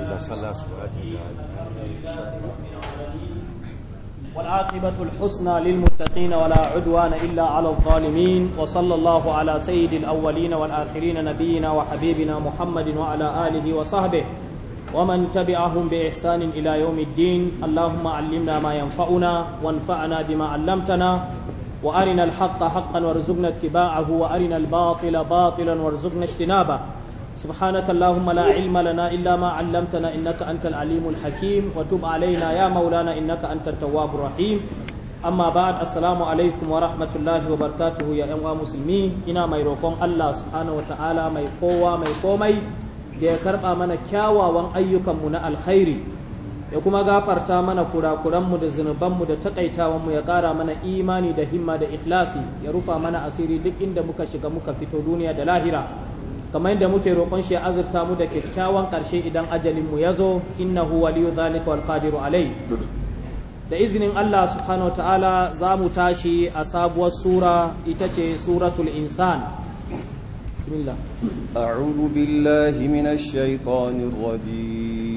إذا صلى والعاقبة الحسنى للمتقين ولا عدوان إلا على الظالمين وصلى الله على سيد الأولين والآخرين نبينا وحبيبنا محمد وعلى آله وصحبه ومن تبعهم بإحسان إلى يوم الدين اللهم علمنا ما ينفعنا وانفعنا بما علمتنا وارنا الحق حقا وارزقنا اتباعه وارنا الباطل باطلا وارزقنا اجتنابه سبحانك اللهم لا علم لنا الا ما علمتنا انك انت العليم الحكيم وتب علينا يا مولانا انك انت التواب الرحيم amma ba'ad asalamu alaikum wa rahmatullahi wa barakatuhu ya yan musulmi ina mai roƙon Allah subhanahu wata'ala mai kowa mai komai da ya karɓa mana kyawawan ayyukanmu na alkhairi ya kuma gafarta mana kurakuranmu da zunubanmu da takaitawanmu ya ƙara mana imani da himma da ikhlasi ya rufa mana asiri duk inda muka shiga muka fito duniya da lahira kamar yadda muke roƙon shi ya azurta mu da kyakkyawan ƙarshe idan ajalin mu ya zo innahu waliyu zalika wal qadiru alai da izinin Allah subhanahu ta'ala za mu tashi a sabuwar sura ita ce suratul insan bismillah a'udhu billahi minash shaitanir rajim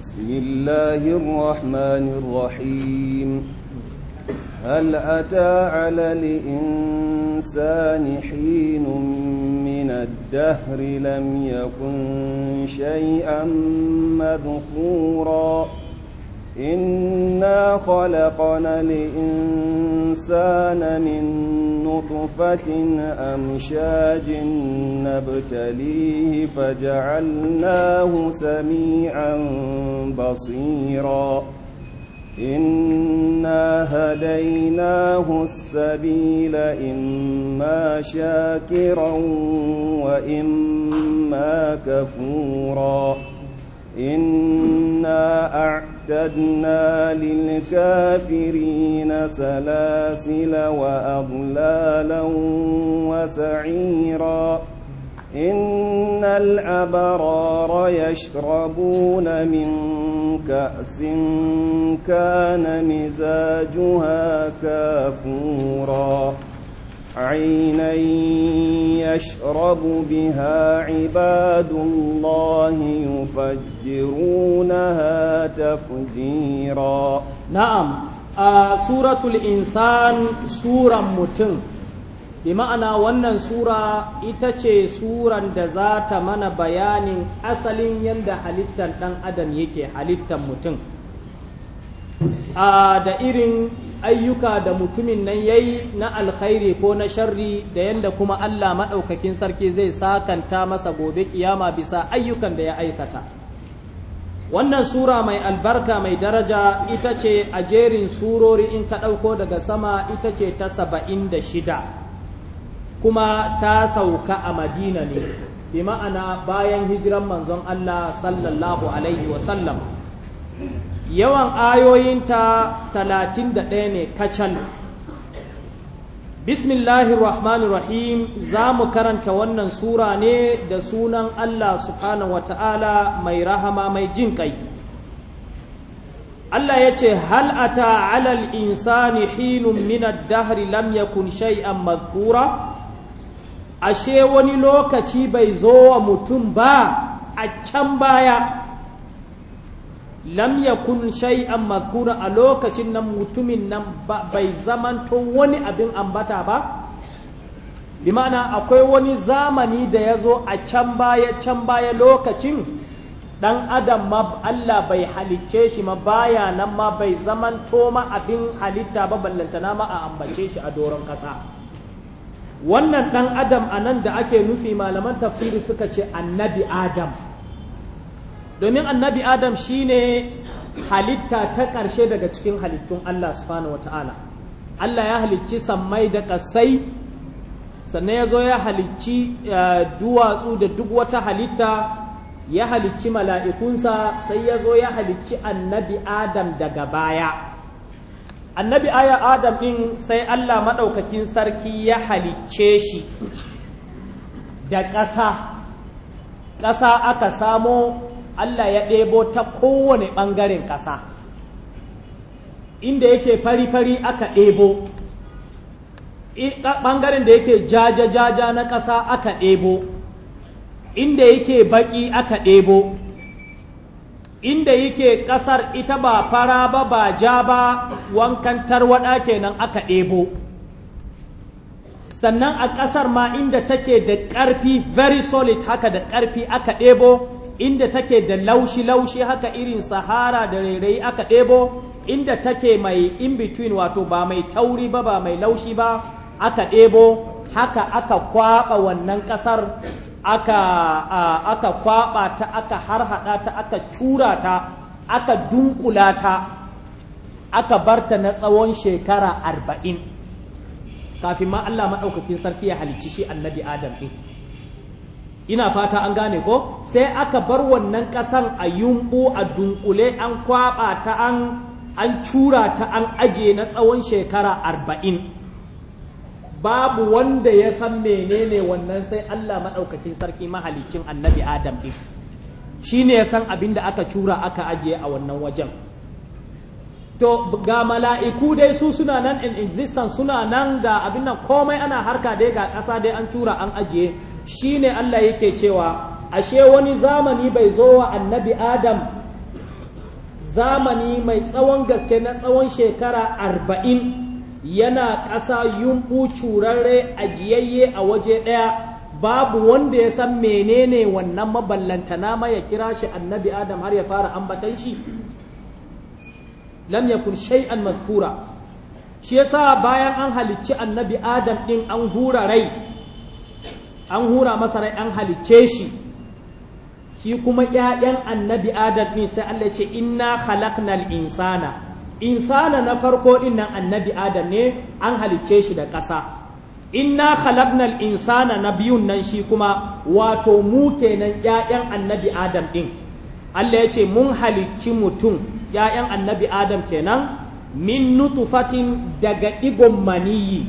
بسم الله الرحمن الرحيم هل أتى على الإنسان حين من الدهر لم يكن شيئا مذكورا إنا خلقنا الإنسان من نطفة أمشاج نبتليه فجعلناه سميعا بصيرا إنا هديناه السبيل إما شاكرا وإما كفورا إنا أعتدنا للكافرين سلاسل وأضلالا وسعيرا إن الأبرار يشربون من كأس كان مزاجها كافورا عينا يشرب بها عباد الله يفجرونها تفجيرا نعم آه سورة الإنسان سورة متن bi ma'ana wannan sura ita ce suran da za ta mana bayanin asalin yadda halittar ɗan adam yake halittar mutum a' da irin ayyuka da mutumin nan yayi na alkhairi ko na sharri da yanda kuma Allah maɗaukakin sarki zai sakanta masa gobe kiyama bisa ayyukan da ya aikata wannan sura mai albarka mai daraja ita ce a jerin surori in ka ɗauko daga sama ita ce ta saba'in da shida kuma ta sauka a madina ne bi ma'ana bayan hijiran manzon Allah sallallahu alaihi wasallam yawan ayoyinta talatin da ɗaya ne kacal Bismillahi rahmanir rahim za mu karanta wannan sura ne da sunan allah subhanahu wata'ala mai rahama mai jin ƙai allah ya ce hal'ata alal insani hinun minad dahri lam yakun shay'an mazkura ashe wani lokaci bai zo wa mutum ba a can baya lam yakun shay'an mazkura a lokacin nan mutumin nan bai zamanto wani abin ambata ba bi akwai wani zamani da ya zo a can baya can baya lokacin dan adam ma Allah bai halicce shi ma baya nan ma bai zamanto ma abin halitta ba ballantana ma a ambace shi a doron kasa wannan dan adam anan da ake nufi malaman tafsiri suka ce annabi adam domin annabi adam shine halitta ta ƙarshe daga cikin halittun Allah subhanahu wata'ala Allah ya halicci sammai da ƙasai sannan ya zo ya halicci eh, duwatsu da duk wata halitta ya halicci mala'ikunsa sai ya zo ya halicci annabi Adam daga baya. Annabi aya Adam ɗin sai Allah maɗaukakin sarki ya halicce shi da ƙasa, ƙasa aka samo Allah ya ɗebo ta kowane ɓangaren ƙasa inda yake fari-fari aka ɗebo ɓangaren da yake jaja-jaja na ƙasa aka ɗebo inda yake baƙi aka ɗebo inda yake ƙasar ita ba fara ba ba ja ba wankan tarwaɗa kenan aka ɗebo sannan a ƙasar ma inda take da ƙarfi very solid haka da ƙarfi aka ɗebo inda take da laushi-laushi haka irin sahara da rairayi aka ɗebo inda take mai in between wato ba mai tauri ba ba mai laushi ba aka ɗebo haka aka kwaɓa wannan ƙasar aka, aka kwaɓa ta aka harhaɗa ta aka cura ta aka dunkula ta aka barta na tsawon shekara arba'in kafin ma Allah maɗaukakin sarki ya halicci shi annabi Adam ɗin. ina fata an gane ko sai aka bar wannan kasan a yumbu a dunkule an kwaɓa ta an an cura ta an aje na tsawon shekara arba'in babu wanda ya san menene wannan sai Allah maɗaukakin sarki mahalicin annabi Adam ɗin shi ne ya san abin da aka cura aka ajiye a wannan wajen to ga mala'iku dai su suna nan in existence suna nan ga abin nan komai ana harka dai ga ƙasa dai an tura an ajiye shine Allah yake cewa ashe wani zamani bai zo wa annabi Adam zamani mai tsawon gaske na tsawon shekara arba'in yana ƙasa yumɓu curarre ajiyayye a waje ɗaya babu wanda ya san menene wannan maballantana ma ya kira shi annabi Adam har ya fara ambatan shi lam yakun shay'an mazkura shi yasa bayan an halicci annabi adam din an hura rai an hura masa rai an halicce shi shi kuma ƴaƴan annabi adam din sai Allah ya ce inna khalaqnal insana insana na farko din nan annabi adam ne an halicce shi da ƙasa inna khalaqnal insana na biyun nan shi kuma wato mu kenan ƴaƴan annabi adam din Allah ya ce mun halicci mutum ‘ya'yan annabi Adam kenan min nutufatin daga ɗigon maniyi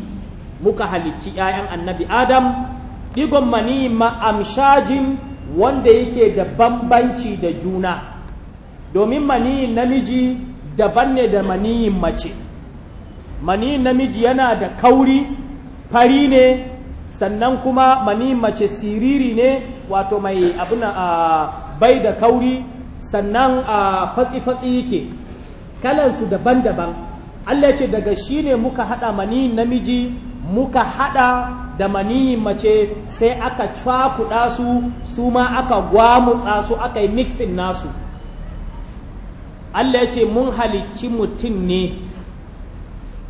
muka halicci ‘ya'yan annabi Adam ɗigon maniyi ma'amshajin wanda yake da bambanci da juna domin maniyi namiji daban ne da maniyi mace maniyi namiji yana da kauri fari ne sannan kuma maniyi mace siriri ne wato mai abin a bai da kauri sannan a fatsi-fatsi yake kalansu daban-daban Allah ce daga shi ne muka haɗa mani namiji muka haɗa da mani mace sai aka cakuda su su ma aka gwamutsa su aka yi mixin nasu Allah ce mun halicci mutum ne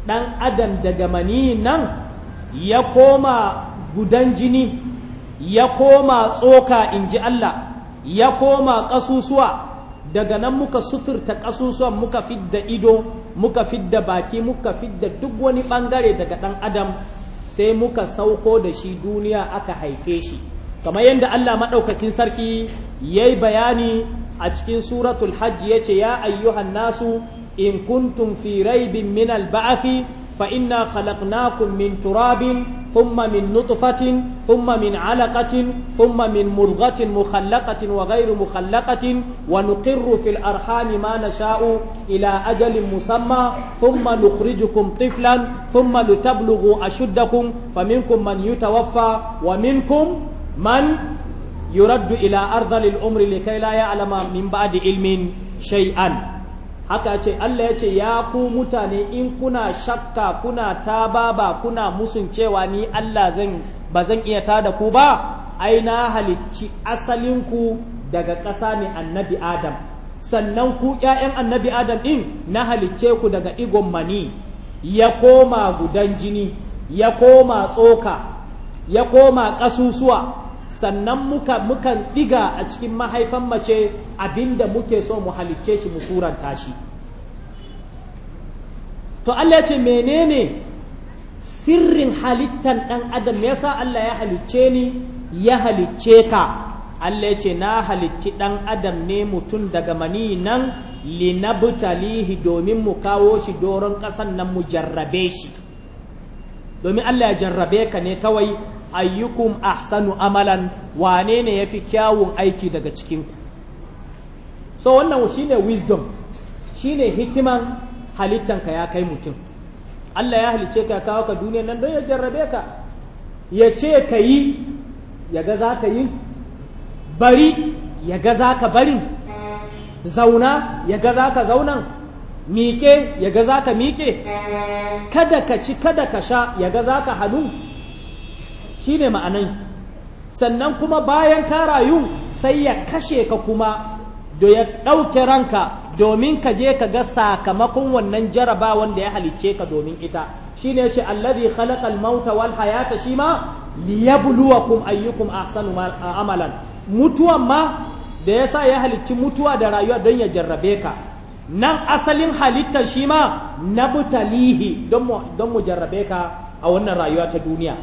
ɗan adam daga mani nan ya koma gudan jini ya koma tsoka in ji Allah ya koma ƙasusuwa daga nan muka suturta ƙasusuwan muka fidda ido muka fidda baki muka fidda duk wani ɓangare daga ɗan adam sai muka sauko da shi duniya aka haife shi kamar yadda Allah maɗaukakin sarki ya yi bayani a cikin suratul hajji ya ce ya ayyuhan nasu in kuntum fi raibin min al فإنا خلقناكم من تراب ثم من نطفة ثم من علقة ثم من مرغة مخلقة وغير مخلقة ونقر في الأرحام ما نشاء إلى أجل مسمى ثم نخرجكم طفلا ثم لتبلغوا أشدكم فمنكم من يتوفى ومنكم من يرد إلى أرض الأمر لكي لا يعلم من بعد علم شيئا haka ce Allah ya ce ya ku mutane in kuna shakka kuna ba kuna musun cewa ni Allah zan ba zan iya tada ku ba ai na halicci asalinku daga ƙasa ne annabi Adam sannan ku ’ya'yan annabi Adam ɗin na halicce ku daga igon mani ya koma gudan jini ya koma tsoka ya koma ƙasusuwa sannan muka mukan diga a cikin mahaifan mace abinda muke so mu halicce shi mu suranta shi to Allah ya ce menene sirrin halittan dan adam yasa Allah ya halicce ni ya halicce ka Allah ya ce na halicci dan adam ne mutum daga mani nan linabtalihi domin mu kawo shi doron ƙasan nan mu jarrabe shi domin Allah ya jarrabe ka ne kawai ayyukum ahsanu amalan wane ne yafi kyawun aiki daga cikin ku so wannan shine wisdom shine hikiman halittanka ya kai mutum Allah ya halice ka kawo ka duniya nan don ya jarrabe ka ya ce ka yi ya ga za ka yi bari ya ga za ka barin zauna ya ga za ka zaunan miƙe ya ga za ka miƙe kada ka ci kada ka sha ya ga za ka hannu shine ma'anan sannan kuma bayan ka rayu sai ya kashe ka kuma da ya ɗauke ranka domin ka je ka ga sakamakon wannan jaraba wanda ya halicce ka domin ita shine ce allazi khalaqal mauta wal hayata shima liyabluwakum ayyukum ahsanu amalan mutuwan ma da yasa ya halicci mutuwa da rayuwa don ya jarrabe ka nan asalin halittar shima na butalihi don mu jarrabe ka a wannan rayuwa ta duniya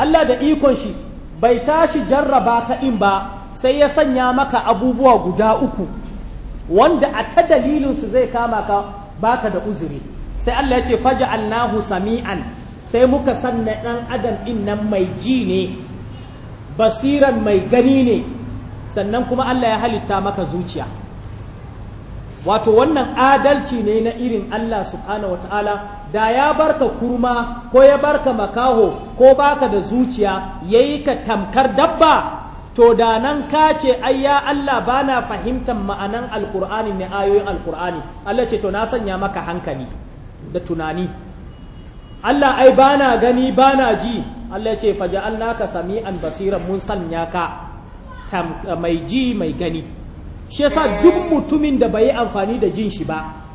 Allah da ikon shi bai tashi jarraba ka in ba sai ya sanya maka abubuwa guda uku wanda a ta dalilinsu zai kama ka baka da uzuri sai Allah ya ce faja'alnahu sami'an sai muka sanna dan adam din mai ji ne basiran mai gani ne sannan kuma Allah ya halitta maka zuciya wato wannan adalci ne na irin Allah subhanahu wataala da ya barka kurma ko ya barka makaho ko baka da zuciya yayi ka tamkar dabba to da nan ka ce ai ya Allah bana fahimtar ma'anan alqur'ani ne ayoyin alqur'ani Allah ce to na sanya maka hankali da tunani Allah ai bana gani bana ji Allah ce faja'alnaka sami'an basiran mun sanya ka mai ji mai gani shi yasa duk mutumin da bai amfani da jin shi ba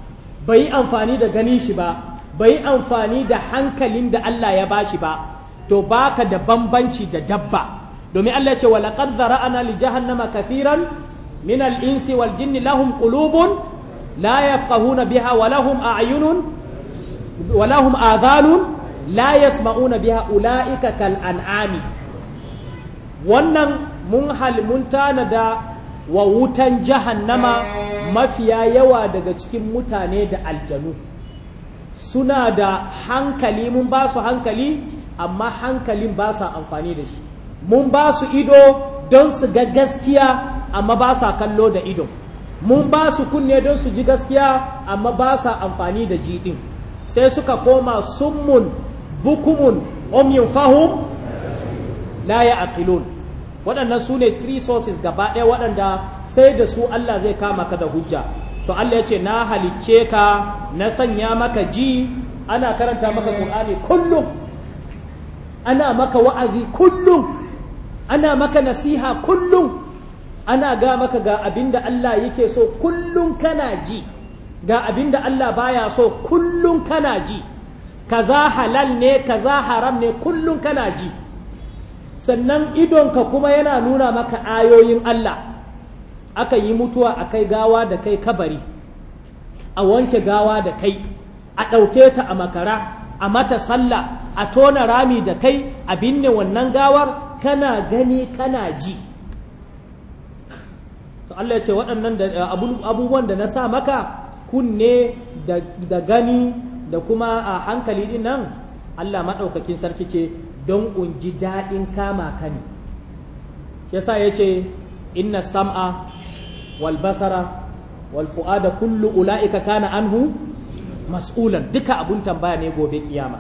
bai yi amfani da ganin shi ba bai yi amfani da hankalin da Allah ya bashi ba to baka da bambanci da dabba domin Allah ya ce wa laqad zara'ana li jahannama kathiran min al-insi wal jinni lahum qulubun la yafqahuna biha wa lahum a'yunun wa lahum adhanun la yasma'una biha ula'ika kal an'ami wannan mun hal mun tanada wa wutan jahannama mafiya yawa daga cikin mutane da aljanu suna da hankali mun ba su hankali amma hankalin ba sa amfani da shi mun ba su ido don su ga gaskiya amma ba sa kallo da ido mun ba su kunne don su ji gaskiya amma ba sa amfani da jiɗin sai suka koma summun bukumun omyin fahum la ya aqilun waɗannan su ne three sources gaba ɗaya waɗanda sai da su Allah zai kama ka da hujja to Allah ya ce na halicce ka na sanya maka ji ana karanta maka Qur'ani kullum ana maka wa'azi kullum ana maka nasiha kullum ana ga maka ga abinda Allah yake so kullum kana ji ga abinda Allah baya so kullum kana ji kaza halal ne kaza haram ne kullum kana ji sannan idonka kuma yana nuna maka ayoyin Allah aka yi mutuwa a kai gawa da kai kabari a wanke gawa da kai a ɗauke ta a makara a mata sallah a tona rami da kai a binne wannan gawar kana gani kana ji to Allah ya ce waɗannan eh, abubuwan da na sa maka kunne da gani da kuma a hankali ɗin nan Allah maɗaukakin sarki ce don unji daɗin kama ka ne yasa ya ce inna sam'a wal walfu'a da fu'ada kullu ula'ika kana anhu mas'ulan duka abun tambaya ne gobe kiyama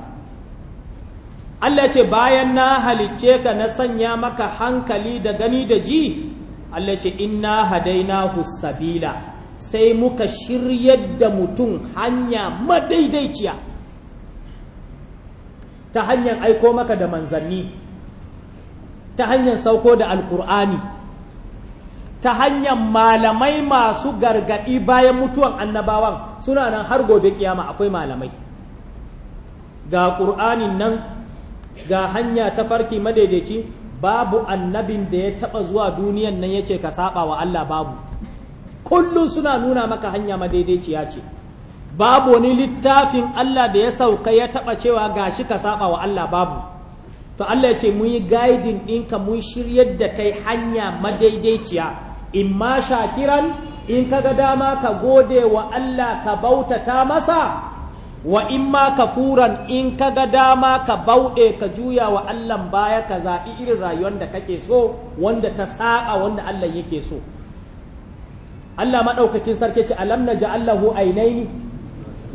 Allah ce bayan na halicce ka na sanya maka hankali da gani da ji Allah ce inna hadaina sabila sai muka shiryar da mutum hanya madaidaiciya ta hanyar aiko maka da manzanni ta hanyar sauko da alkur'ani ta hanyar malamai masu gargaɗi bayan mutuwan annabawan suna nan har gobe kiyama akwai malamai ga ƙur'anin nan ga hanya ta farki madaidaici babu annabin da ya taɓa zuwa duniyan nan ya ce ka saba wa Allah babu kullum suna nuna maka hanya madaidaiciya ce babu wani littafin Allah da ya sauka ya taɓa cewa ga shi ka saba wa Allah babu to Allah ya ce mun yi guiding ɗinka mun shiryar da kai hanya madaidaiciya in ma shakiran in ka ga dama ka gode wa Allah ka bautata masa wa in ma ka furan in ka ga dama ka bauɗe ka juya wa Allah baya ka zaɓi irin rayuwar da kake so wanda ta saƙa wanda Allah yake so Allah maɗaukakin sarki ce alam na ja'allahu ainaini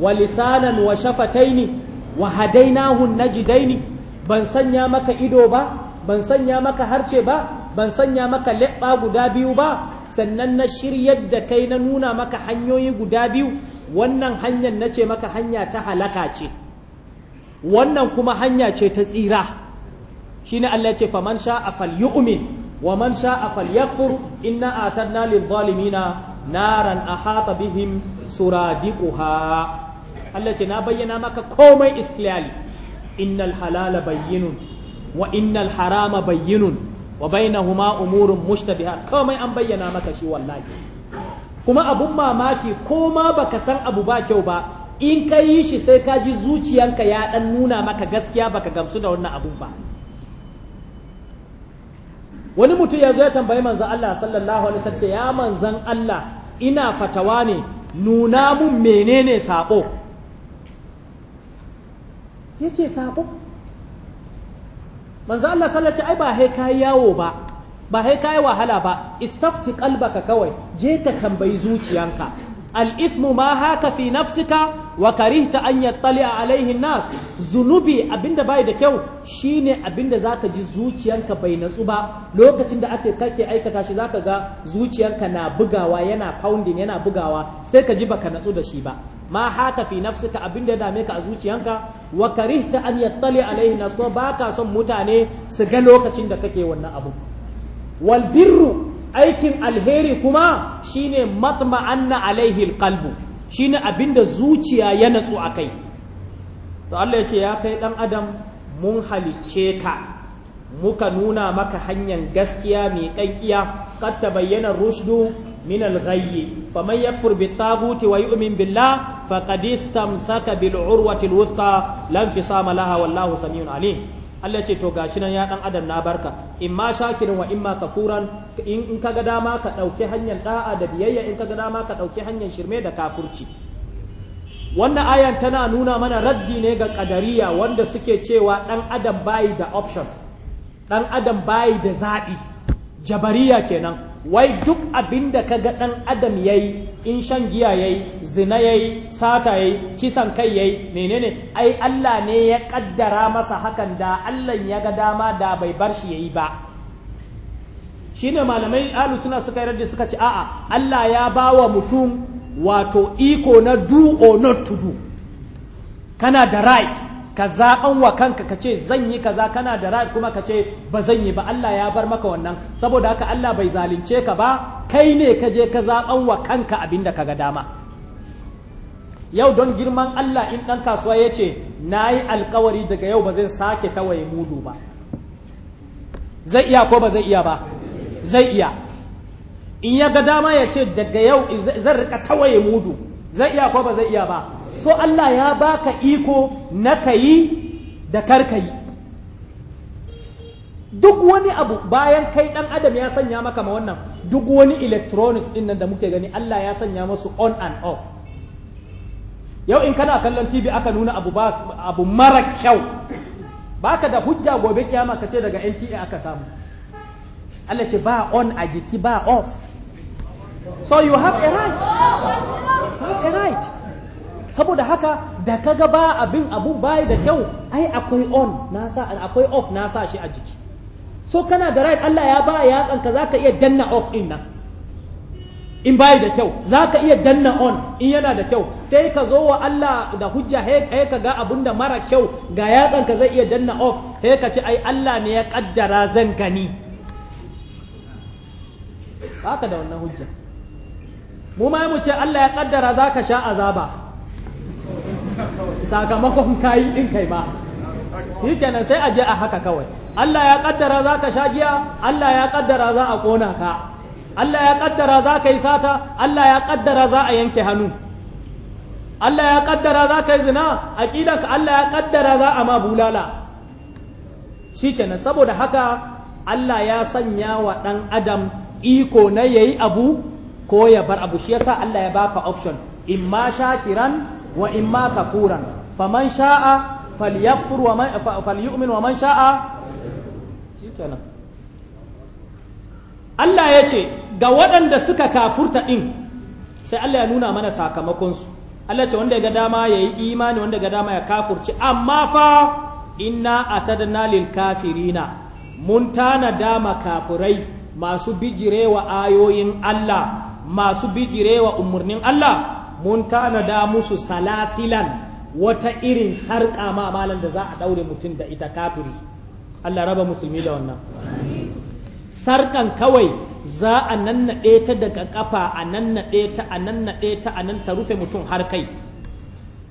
wa lisanan wa shafataini wa hadainahu najdaini ban sanya maka ido ba ban sanya maka harce ba ban sanya maka leɓɓa guda biyu ba sannan na shiryar da kai na nuna maka hanyoyi guda biyu wannan hanyar na ce maka hanya ta halaka ce wannan kuma hanya ce ta tsira shine Allah ce faman sha'a falyu'min wa man sha'a falyakfur inna atadna lidh-dhalimina naran ahata bihim suradiquha Allah ce na bayyana maka komai is innal halala bayyinun wa innal harama bayyinun wa bainahuma umurun mushtabiha komai an bayyana maka shi wallahi kuma abun mamaki ko ma baka san abu ba kyau ba in ka yi shi sai ka ji zuciyanka ya dan nuna maka gaskiya baka gamsu da wannan abun ba wani mutum ya zo ya tambayi manzon Allah sallallahu alaihi wasallam ya manzan Allah ina fatawa ne nuna mun menene sako yake sabo manzo Allah sallace ai ba hai kai yawo ba ba hai kai wahala ba istafti qalbaka kawai je ka tambayi zuciyanka al ithmu ma haka fi nafsika wa karihta an yattali alaihi nas zunubi abinda bai da kyau shine abinda zaka ji zuciyanka bai natsu ba lokacin da ake kake aikata shi zaka ga zuciyanka na bugawa yana pounding yana bugawa sai ka ji baka natsu da shi ba ma haka fi nafsika abinda ya dame ka a zuciyanka wa karihta an yattali alaihi nas ko baka son mutane su ga lokacin da kake wannan abu wal birru aikin alheri kuma shine matma'anna alaihi alqalbu shine abinda zuciya ya natsu akai to Allah ya ce ya kai dan adam mun halicce ka muka nuna maka hanyar gaskiya mai kankiya kad ta bayyana rushdu min al-ghayyi faman yakfur bit-taguti wa yu'min billah faqad istamsaka bil urwati al-wuthqa lam wallahu alim Allah ce to gashi nan ya dan adam na barka in ma shakirin wa in ma kafuran in ka ga dama ka dauki hanyar da'a da biyayya in ka ga dama ka dauki hanyar shirme da kafurci wannan ayan tana nuna mana raddi ne ga kadariya wanda suke cewa dan adam bai da option dan adam bayi da zaɗi jabariya kenan wai duk abin da ka ga ɗan adam ya yi in shan giya ya yi zina ya yi sata ya yi kisan kai ya yi menene ai Allah ne ya ƙaddara masa hakan da Allah ya ga dama da bai bar shi ya yi ba shi ne malamai alu suna suka yarda suka ci a'a Allah ya ba wa mutum wato iko na do or not to do kana da right ka zaɓan wa kanka ka ce zan yi kaza kana da ra'ayi kuma ka ce ba zan yi ba Allah ya bar maka wannan saboda haka Allah bai zalunce ka ba kai ne ka je ka zaɓan wa kanka abin da ka ga dama yau don girman Allah in ɗan kasuwa ya ce na yi alkawari daga yau ba zai sake tawaye mudu ba zai iya ko ba zai iya ba zai iya in ya ga dama ya ce daga yau zan rika tawaye mudu zai iya ko ba zai iya ba so Allah ya baka iko na kayi da karkayi duk wani abu bayan kai dan adam ya sanya maka ma wannan duk wani electronics din nan da muke gani Allah ya sanya masu on and off yau in kana kallon TV aka nuna abu ba abu mara kyau baka da hujja gobe kiyama kace daga NTA aka samu Allah ce ba on a jiki ba off so you have a right you have a right saboda haka da kaga ba abin abun bai da kyau ai akwai on na sa akwai off na sa shi a jiki so kana da right Allah ya ba ya ka zaka iya danna off din nan in bai da kyau zaka iya danna on in yana da kyau sai ka zo wa Allah da hujja he ka ga abun da mara kyau ga ka zai iya danna off he ka ce ai Allah ne ya kaddara zan gani ka da wannan hujja mu mai mu ce Allah ya kaddara zaka sha azaba sakamakon kayi din kai ba shi kenan sai a je a haka kawai Allah ya kaddara za ka sha giya Allah ya kaddara za a kona ka Allah ya kaddara za ka yi sata Allah ya kaddara za a yanke hannu Allah ya kaddara za ka yi zina aqidanka Allah ya kaddara za a ma bulala shi kenan saboda haka Allah ya sanya wa ɗan adam iko na yayi abu ko ya bar abu shi yasa Allah ya baka option imma kiran. wa in ma kafuran faman sha'a falyakfur wa man falyu'min wa man sha'a shikenan Allah ya ce ga waɗanda suka kafurta din sai Allah ya nuna mana sakamakon su Allah ce wanda ya ga dama yayi imani wanda ga dama ya kafurci amma fa inna atadna lil kafirina mun tana dama kafurai masu bijirewa ayoyin Allah masu bijirewa umarnin Allah mun tanada musu salasilan wata irin sarƙa ma malam da za a ɗaure mutum da ita kafiri Allah raba musulmi da wannan sarƙan kawai za a nannaɗe ta daga ƙafa a nannaɗe ta a nannaɗe ta a nan ta rufe mutum har kai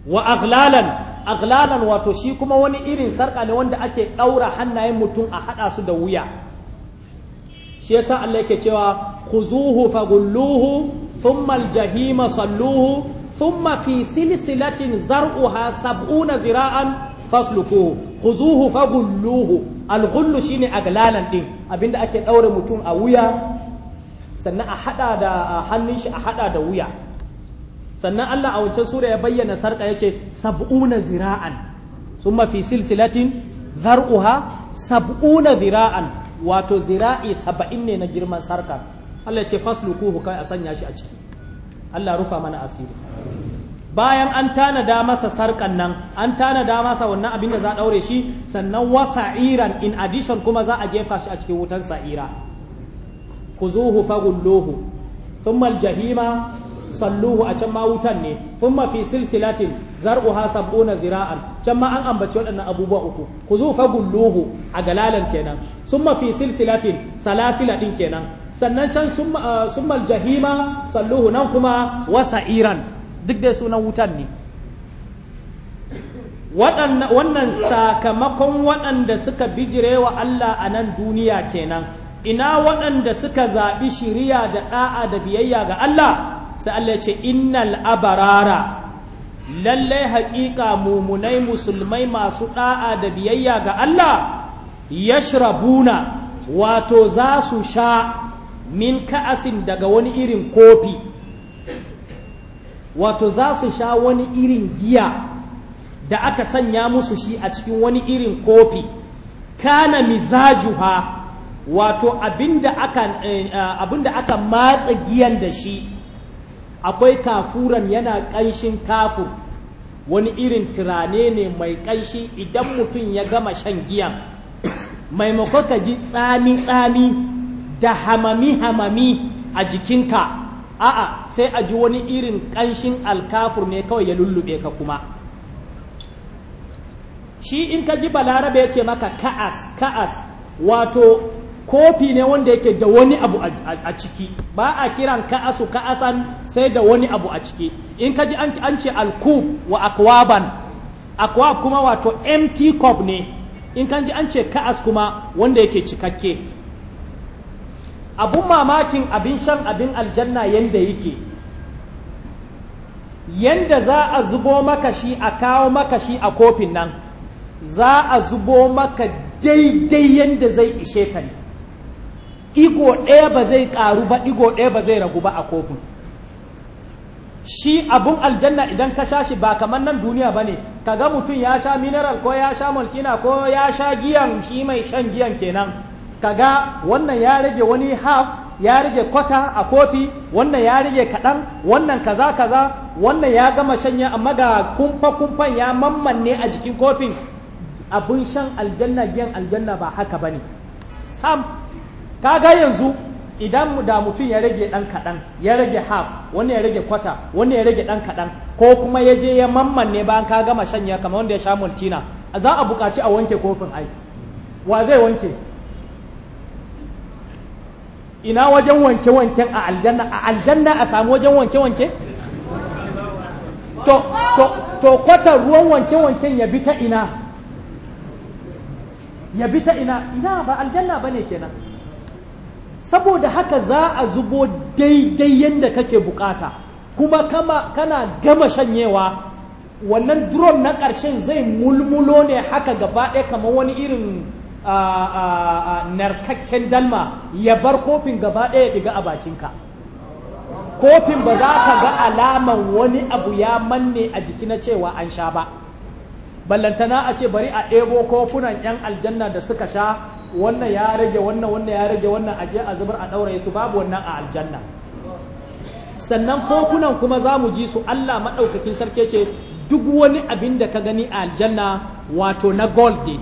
wa aglalan aglalan wato shi kuma wani irin sarƙa ne wanda ake ɗaura hannayen mutum a haɗa su da wuya shi yasa Allah yake cewa khuzuhu fagulluhu thumma aljahima salluhu thumma fi silsilatin zar'uha sab'una zira'an fasluku khuzuhu fagulluhu alghullu shine aglalan din abinda ake daure mutum a wuya sannan a hada da hannun shi a hada da wuya sannan Allah a wancan sura ya bayyana sarka yace sab'una zira'an thumma fi silsilatin zar'uha sab'una zira'an wato zira'i saba'in ne na girman sarka Allah ce faslukuhu kai a sanya shi a ciki Allah rufa mana asiri bayan an tanada masa sarkan nan an tanada masa wannan abin da za a daure shi sannan wasa iran in addition kuma za a jefa shi a cikin wutan sa'ira kuzuhu fagulluhu thumma aljahima salluhu a can ma wutan ne thumma fi silsilatin zar'uha sab'una zira'an can ma an ambaci waɗannan abubuwa uku ku zo fa gulluhu a galalan kenan thumma fi silsilatin salasila din kenan sannan can summa ah, jahima salluhu nan kuma Iran. duk dai sunan wutan ne wannan sakamakon waɗanda suka bijire wa Allah a nan duniya kenan ina waɗanda suka zaɓi shiriya da ɗa'a da biyayya ga Allah sai Allah ce innal abarara lallai haƙiƙa mumunai musulmai masu ɗa'a da biyayya ga Allah yashrabuna wato za su sha min ka'asin daga wani irin kofi wato za su sha wani irin giya da aka sanya musu shi a cikin wani irin kofi kana mizajuha wato abinda aka eh, abinda aka matsa giyan da shi akwai kafuran yana ƙanshin kafur wani irin tirane ne mai ƙanshi idan mutum ya gama shan giyan maimako ka ji tsami-tsami da hamami-hamami a jikinka a'a sai a ji wani irin ƙanshin alkafur ne kawai ya lullube ka kuma shi in ka ji balarabe ya ce maka ka'as ka'as wato kofi ne wanda yake da wani abu a ciki ba a kiran ka'asu ka'asan sai da wani abu a ciki in ka ji an ce alkub wa akwaban akwab kuma wato empty cup ne in ka ji an ce ka'as kuma wanda yake cikakke abun mamakin abin shan abin aljanna yanda yake yanda za a zubo maka shi a kawo maka shi a kofin nan za a zubo maka daidai yanda zai ishe ka ne igo ɗaya ba zai ƙaru ba igo ɗaya ba zai ragu ba a kofin shi abun aljanna idan ka sha shi ba kamar nan duniya ba ne ka ga mutum ya sha mineral ko ya sha maltina ko ya sha giyan shi mai shan giyan kenan ka ga wannan ya rage wani half ya rage kwata a kofi wannan ya rage kaɗan wannan kaza kaza wannan ya gama shanya amma ga kumfa kumfan ya mammanne a jikin kofin abun shan aljanna giyan aljanna ba haka ba ne sam kaga yanzu idan da mutum ya rage ɗan kaɗan ya rage half wani ya rage kwata wani ya rage ɗan kaɗan ko kuma ya je ya mammanne bayan ka gama shanya kamar wanda ya sha multina za a buƙaci a wanke kofin ai wa zai wanke ina wajen wanke-wanken a aljanna a aljanna a samu wajen wanke-wanke to, to, to ruwan wanke-wanken ya bi ta ina ya bi ta ina ina ba aljanna ba ne kenan saboda haka za a zubo daidai yadda kake bukata kuma kana gama shanyewa wannan drone na ƙarshen zai mulmulo ne haka gaba ɗaya kamar wani irin narkakken dalma ya bar kofin gaba ɗaya diga a bakinka kofin ba za ka ga alaman wani abu ya manne a jiki na cewa an sha ba ballantana a ce bari a ɗebo kofunan 'yan aljanna da suka sha wannan ya rage wannan wannan ya rage wannan a je a zubar a ɗaura su babu wannan a aljanna sannan kofunan kuma za mu ji su Allah maɗaukakin sarki ce duk wani abin da ka gani a aljanna wato na gold ne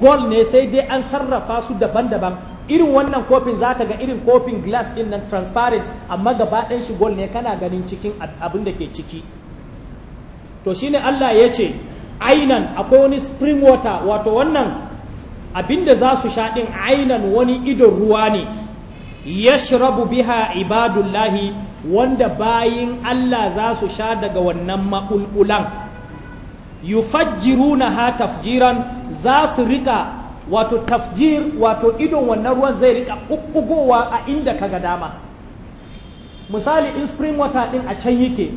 gold ne sai dai an sarrafa su daban-daban irin wannan kofin za ta ga irin kofin glass ɗin nan transparent amma gaba ɗan shi gold ne kana ganin cikin abin da ke ciki to shi shine Allah ya ce ainan akwai wani spring water wato wannan abinda za su sha ɗin ainan wani idon ruwa ne Ya yashrabu biha ibadullahi wanda bayin Allah za su sha daga wannan maƙulƙulan yufajjiruna ha tafjiran za su rika wato tafjir wato idon wannan ruwan zai rika ƙuƙƙugowa a inda kaga dama misali in spring water ɗin a can yake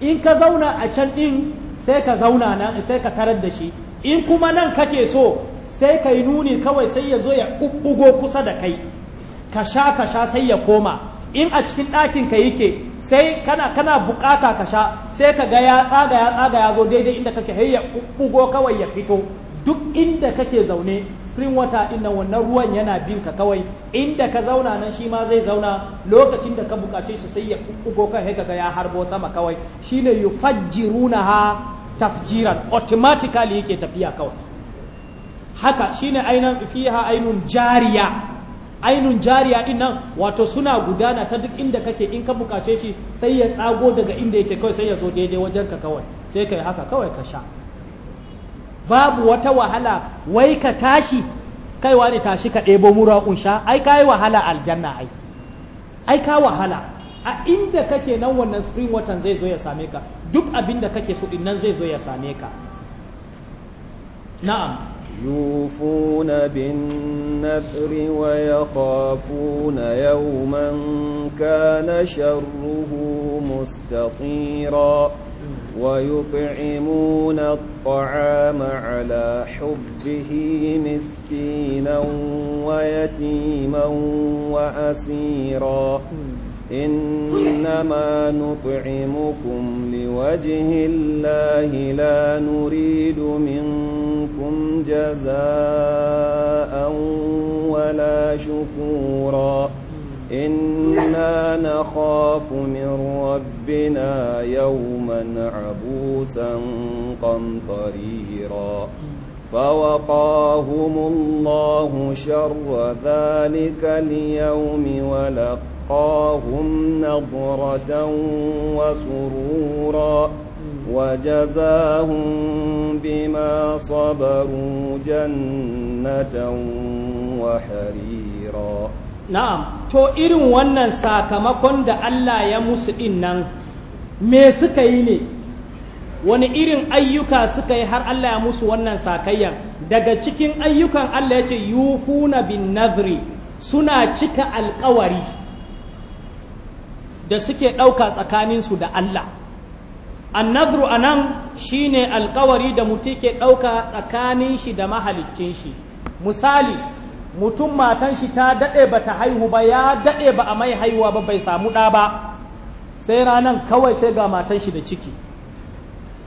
in ka zauna a can ɗin sai ka zauna nan sai ka tarar da shi in kuma nan kake so sai ka yi nuni kawai sai ya zo ya ƙuɓɓugo kusa da kai ka sha ka sha sai ya koma in a cikin ɗakin ka yake sai kana kana bukata ka sha sai ka ga ya tsaga ya tsaga ya zo daidai inda kake hayya ƙuɓɓugo kawai ya fito duk inda kake zaune spring water din nan wannan ruwan yana bin ka kawai inda ka zauna nan shi ma zai zauna lokacin da ka bukace shi sai ya kukkugo kan kaga ya harbo sama kawai shine yufajjirunaha tafjiran automatically yake tafiya kawai haka shine ainan fiha ainun jariya ainun jariya din nan wato suna gudana ta duk inda kake in ka bukace shi sai ya tsago daga inda yake kawai sai ya zo daidai ka kawai sai kai haka kawai ka sha babu wata wahala wai ka tashi kaiwa ne tashi ka ɗebo mura unsha ai ka yi wahala aljanna ai ai ka wahala a inda kake nan wannan spring watan zai zo ya same ka duk abin da kake so din nan zai zo ya same ka na'am yufuna bin nadri wa yakhafuna yawman kana ويطعمون الطعام على حبه مسكينا ويتيما وأسيرا إنما نطعمكم لوجه الله لا نريد منكم جزاء ولا شكورا إنا نخاف من ربنا يوما عبوسا قمطريرا فوقاهم الله شر ذلك اليوم ولقاهم نضرة وسرورا وجزاهم بما صبروا جنة وحريرا na'am to irin wannan sakamakon da Allah ya musu din nan me suka yi ne wani irin ayyuka suka yi har Allah ya musu wannan sakayyan daga cikin ayyukan Allah ya ce yufuna bin nadri suna cika alkawari da suke ɗauka tsakaninsu da Allah annadru a nan shi ne alkawari da mutum ke ɗauka tsakanin shi da mahaliccin shi misali mutum matan shi ta daɗe ba ta haihu ba ya daɗe ba a mai haihuwa ba bai samu ɗa ba sai ranar kawai sai ga matan shi da ciki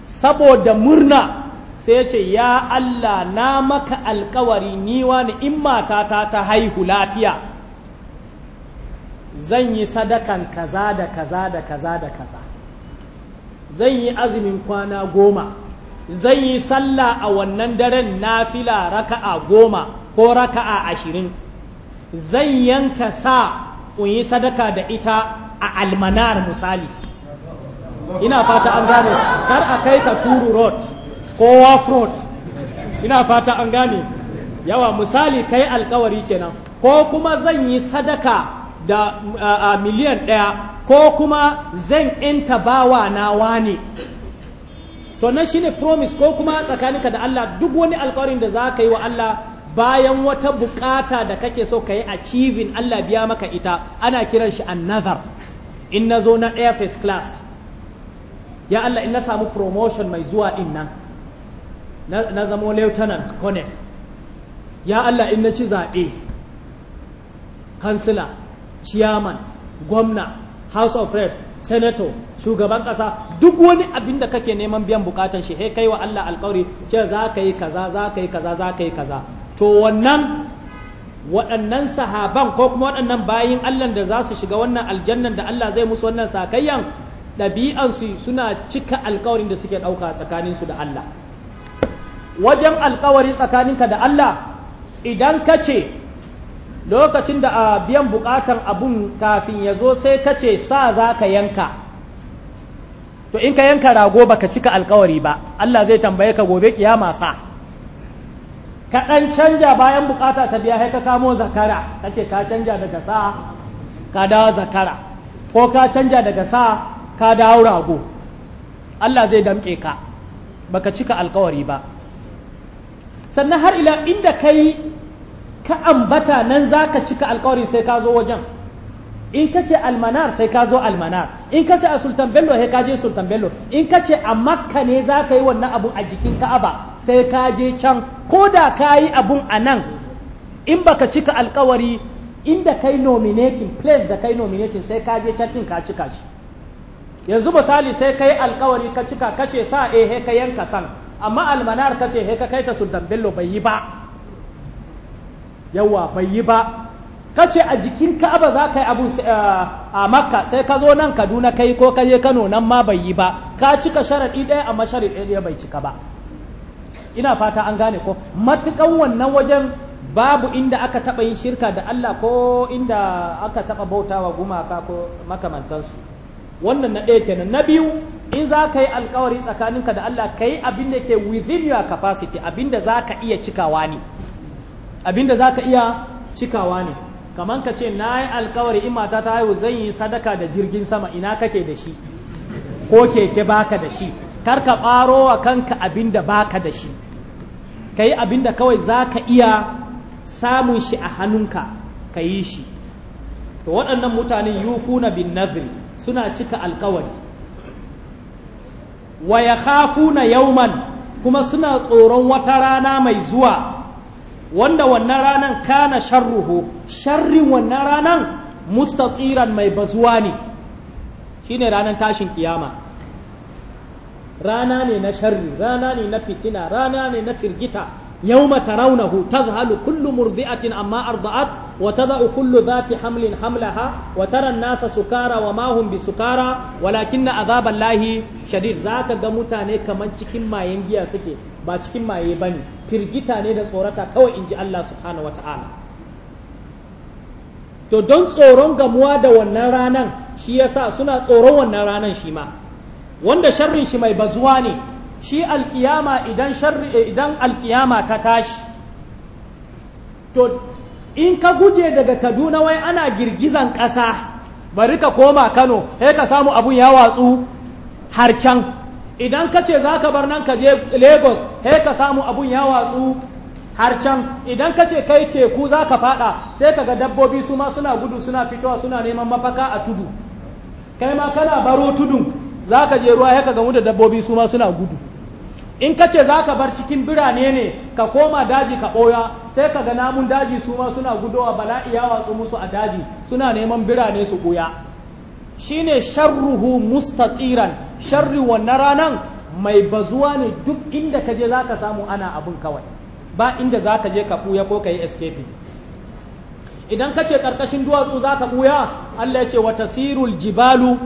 saboda murna sai ya ce ya Allah na maka alkawari ni wani in matata ta haihu lafiya zan yi sadakan kaza da kaza da kaza da kaza zan yi azumin kwana goma zan yi sallah a wannan daren nafila raka'a goma ko raka'a ashirin zan yanka sa ku yi sadaka da ita a almanar misali ina fata an gane kar a kai ka turu road ko waf road ina fata an gane yawa misali kai alkawari kenan ko kuma zan yi sadaka da miliyan ɗaya ko kuma zan inta bawa na wani to nan shine promise ko kuma tsakaninka da Allah duk wani alkawarin da za ka yi wa Allah bayan wata bukata da kake so ka yi achieving Allah biya maka ita ana kiran shi another in na zo na ɗaya first class ya Allah in na samu promotion mai zuwa in nan na zamo lieutenant colonel ya Allah in na ci zaɓe kansila chairman gwamna house of reps senator shugaban kasa duk wani abin da kake neman biyan bukatan shi he kai wa Allah alkawari ce za ka yi kaza za ka yi kaza za ka yi kaza to wannan waɗannan sahaban ko kuma waɗannan bayan Allah da za su shiga wannan aljannan da Allah zai musu wannan sakayyan ɗabi'ansu suna cika alkawarin da suke ɗauka tsakaninsu da Allah wajen alkawari tsakaninka da Allah idan ka ce lokacin da a biyan buƙatar abun kafin ya zo sai ka ce sa za ka yanka to in ka yanka rago baka cika alkawari ba Allah zai tambaye ka gobe kiyama sa Kaɗan canja bayan bukata ta biya ka kamo zakara kace ka canja daga sa ka dawo zakara ko ka canja daga sa ka dawo rago Allah zai damƙe ka baka cika alkawari ba sannan har ila inda kai ka ambata nan zaka cika alkawari sai ka zo wajen in ka ce almanar sai ka zo almanar in ka ce a sultan bello sai ka je sultan bello in ka ce a makka ne za ka yi wannan abu a jikin ka'aba sai ka je can ko da ka yi abun a nan in baka cika alkawari inda kai nominating place da kai nominating sai ka je can din ka cika shi yanzu misali sai ka yi alkawari ka cika ka ce sa eh he ka yanka san amma almanar ce he ka kai ta sultan bello bai yi ba yawa bai yi ba ka ce a jikin ka'aba za ka yi abu a makka sai ka zo nan kaduna yi ko ka je kano nan ma bai yi ba ka cika sharaɗi ɗaya amma sharaɗi ɗaya bai cika ba ina fata an gane ko matukan wannan wajen babu inda aka taɓa yin shirka da Allah ko inda aka taɓa bautawa gumaka ko makamantansu wannan na ɗaya kenan na biyu in za ka yi alkawari tsakaninka da Allah ka yi abin da ke within your capacity abin da za ka iya cikawa ne abin da za ka iya cikawa ne kamar ka ce na yi alkawari in mata ta haihu zan yi sadaka da jirgin sama ina kake da shi ko keke baka da shi kar ka ɓaro wa kanka abin da baka da shi ka yi abin da kawai za ka iya samun shi a hannunka ka yi shi to waɗannan mutanen yufuna bin nadri suna cika alkawari wa ya yauman kuma suna tsoron wata rana mai zuwa wanda wannan ranan kana sharruhu sharrin wannan ranan mustaqiran mai bazuwa ne shine ranan tashin kiyama rana ne na sharri rana ne na fitina rana ne na firgita yawma tarawnahu tazhalu kullu murdi'atin amma arda'at wa tada'u kullu dhati hamlin hamlaha wa tara an-nasa sukara wa ma hum bisukara walakinna adhaballahi shadid zaka ga mutane kaman cikin mayen giya suke ba cikin maye ba ne firgita ne da tsorata kawai in ji Allah subhanahu wata'ala to don tsoron gamuwa da wannan ranan shi yasa suna tsoron wannan ranan shi ma wanda sharrin shi mai bazuwa ne shi alkiyama idan sharri eh, alkiyama ta tashi to in ka guje daga Kaduna wai ana girgizan ƙasa bari ka koma Kano sai ka samu abun ya watsu har can idan ka ce za ka bar nan ka je lagos sai ka samu abun ya watsu har can idan ka ce kai teku za ka fada sai ka ga dabbobi su ma suna gudu suna fitowa suna neman mafaka a tudu kai ma kana baro tudun za ka je ruwa ya ka gamu da dabbobi su ma suna gudu in ka ce za ka bar cikin birane ne ka koma daji ka ɓoya sai ka ga namun daji su ma suna gudowa bala'i ya watsu musu a daji suna neman birane su ɓoya shine sharruhu mustatiran sharri wannan ranan mai bazuwa ne duk inda ka je zaka samu ana abun kawai ba inda za ka je ka buya ko ka yi escaping idan ka ce ƙarƙashin duwatsu za ka buya Allah ya ce wata sirul jibalu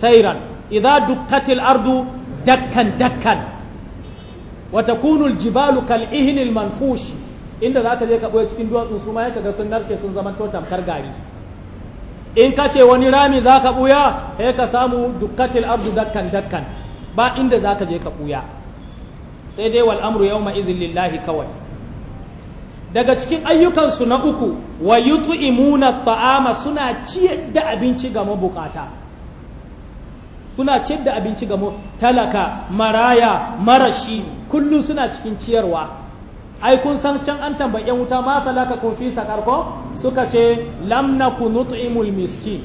sairan idza dukkatil ardu dakkan dakkan wata kunul jibalu kal ihnil manfush inda za ka je ka buya cikin duwatsu su ma yaka ga sun narke sun zama to tamkar gari in ka ce wani rami za ka ɓuya sai ka samu dukkatil abu dakkan dakkan ba inda za ka je ka ɓuya sai dai wal amru yawma izin lillahi kawai daga cikin ayyukansu na uku wa imuna ta'ama suna ciyar da abinci ga mabukata suna ciyar da abinci ga talaka maraya marashi kullum suna cikin ciyarwa ai kun san can an tambayi yan wuta ma salaka kun fi sakar ko suka ce lam naku nut'imul miskin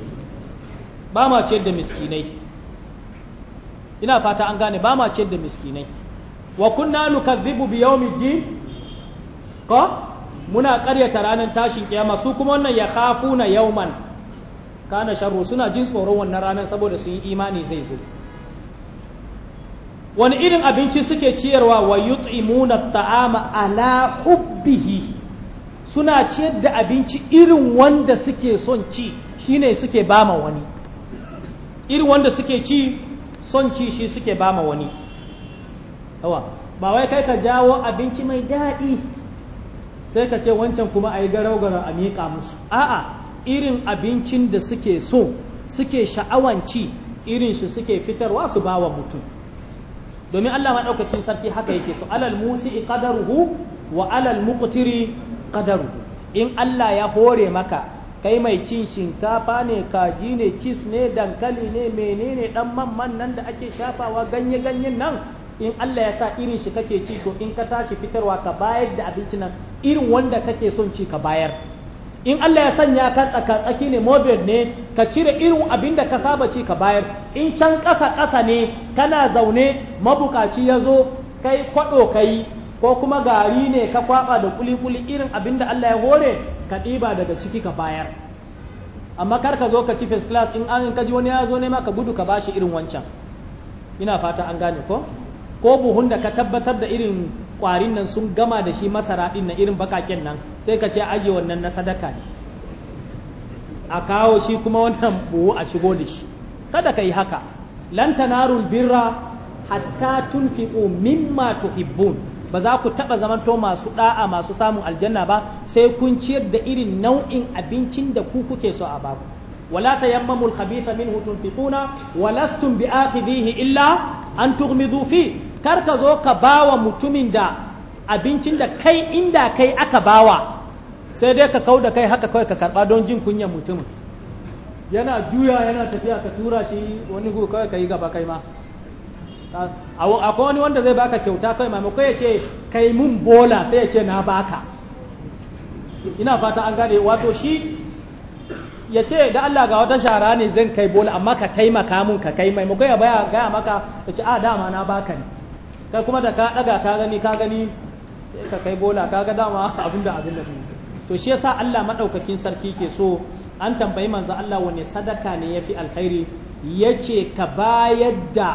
ba ma ciyar da miskinai ina fata an gane ba ma ciyar da miskinai wa kunna nukazzibu bi yawmiddin ko muna karyata ranar tashin kiyama su kuma wannan ya khafuna yawman kana sharru suna jin tsoron wannan ranar saboda su yi imani zai zo wani irin abinci suke ciyarwa wa yut'imuna ta'ama ala hubbihi suna ciyar da abinci irin wanda suke son ci shine suke bama wani irin wanda suke ci son ci shi suke bama wani yawa ba wai kai ka jawo abinci mai daɗi sai ka ce wancan kuma a yi garau-garau a miƙa musu a'a irin abincin da suke so suke sha'awan ci irin shi suke fitarwa su bawa mutum domin Allah maɗaukakin sarki haka yake so alal musi'i ƙadaruhu wa alal muqtiri ƙadaruhu in Allah ya hore maka kai mai cin shinkafa ne kaji ne cis ne dankali ne menene ɗan man nan da ake shafawa ganye ganyen nan in Allah ya sa irin shi kake ci to in ka tashi fitarwa ka bayar da abincin nan irin wanda kake son ci ka bayar in Allah ya sanya ka tsaka tsaki ne moderate ne ka cire irin abin da ka saba ci ka bayar in can ƙasa ƙasa ne kana zaune mabukaci ya zo kai kwaɗo ka yi ko kuma gari ne ka kwaɓa da kuli-kuli irin abin da Allah ya hore ka ɗiba daga ciki ka bayar amma kar ka zo ka ci first class in an ka ji wani ya zo ne ma ka gudu ka bashi irin wancan ina fata an gane ko ko buhun da ka tabbatar da irin kwarin nan sun gama da shi masara ɗin na irin bakaken nan sai ka ce aje wannan na sadaka ne a kawo shi kuma wannan buhu a shigo da shi kada ka yi haka lan tanarul birra hatta tunfiqu mimma tuhibbun ba za ku taba zamanto masu da'a masu samun aljanna ba sai kun ciyar da irin nau'in abincin da ku kuke so a baku wala tayammamul khabitha minhu tunfiquna wa lastum bi'akhidhihi illa an tughmidu fi kar ka zo ka bawa mutumin da abincin da kai inda kai aka bawa sai dai ka kau da kai haka kawai ka karba don jin kunyan mutumin yana juya yana tafiya ka tura shi wani gu kawai ka yi gaba kai ma akwai wani wanda zai baka kyauta kai maimakon ya ce kai mun bola sai ya ce na baka ina fata an gane wato shi ya ce da Allah ga wata shara ne zan kai bola amma ka taimaka mun ka kai maimakon ya baya gaya maka ya ce a dama na baka ne kai kuma da ka ɗaga ka gani ka gani sai ka kai bola ka ga dama abin da abin da to shi yasa Allah madaukakin sarki ke so an tambayi manzo Allah wane sadaka ne yafi alkhairi yace ka bayar da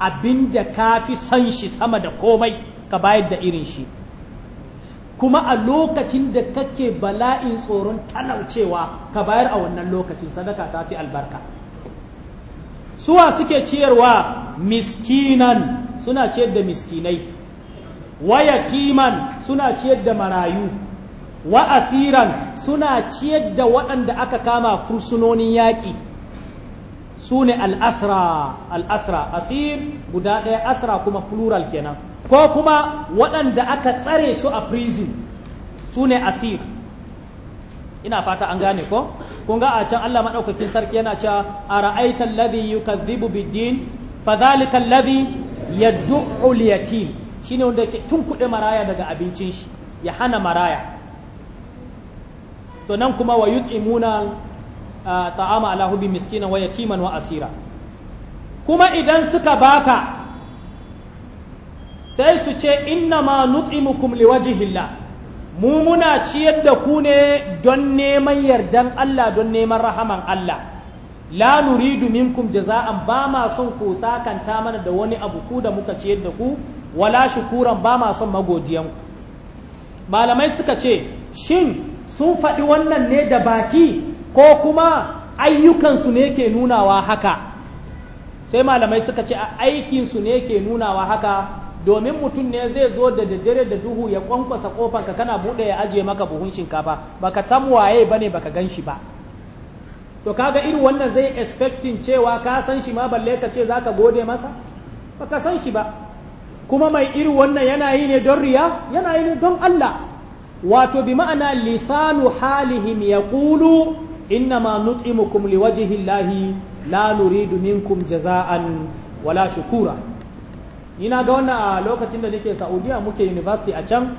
abin da ka fi son shi sama da komai ka bayar da irin shi kuma a lokacin da kake bala'in tsoron talaucewa ka bayar a wannan lokacin sadaka ta fi albarka suwa suke ciyarwa miskinan suna ciyar da miskinai wa yatiman suna ciyar da marayu wa asiran suna ciyar da waɗanda aka kama fursunonin yaƙi su ne al'asra al'asra asir guda ɗaya asra kuma plural kenan ko kuma waɗanda aka tsare su a prison su ne asir ina fata an gane ko kun ga a can Allah madaukakin sarki yana cewa ara'aita alladhi yukazzibu bid-din fadhalika alladhi yad'u al-yatim shine wanda yake tunkuɗe maraya daga abincin shi ya hana maraya to nan kuma wa yut'imuna ta'ama ala hubi miskina wa yatiman wa asira kuma idan suka baka sai su ce inna ma nut'imukum liwajhillah mu muna ciyar da ku ne don neman yardan Allah don neman rahaman Allah la nuridu minkum jaza'an ba ma son ku sakanta mana da wani abu ku da muka ciyar da ku wala shukuran ba ma son magodiyan ku malamai suka ce shin sun faɗi wannan ne da baki ko kuma ayyukansu ne ke nunawa haka sai malamai suka ce aikinsu ne ke nunawa haka domin mutum ne zai zo da daddare da duhu ya kwankwasa kofanka kana bude ya ajiye maka buhun shinkafa baka san waye bane baka gan shi ba to kaga irin wannan zai expecting cewa ka san shi ma balle ka ce zaka gode masa baka san shi ba kuma mai irin wannan yana yi ne don riya yana yi ne don Allah wato bi ma'ana lisanu halihim yaqulu innama nut'imukum liwajhi llahi la nuridu minkum jaza'an wala shukura ina ga wannan a lokacin da nake Saudiya muke university a can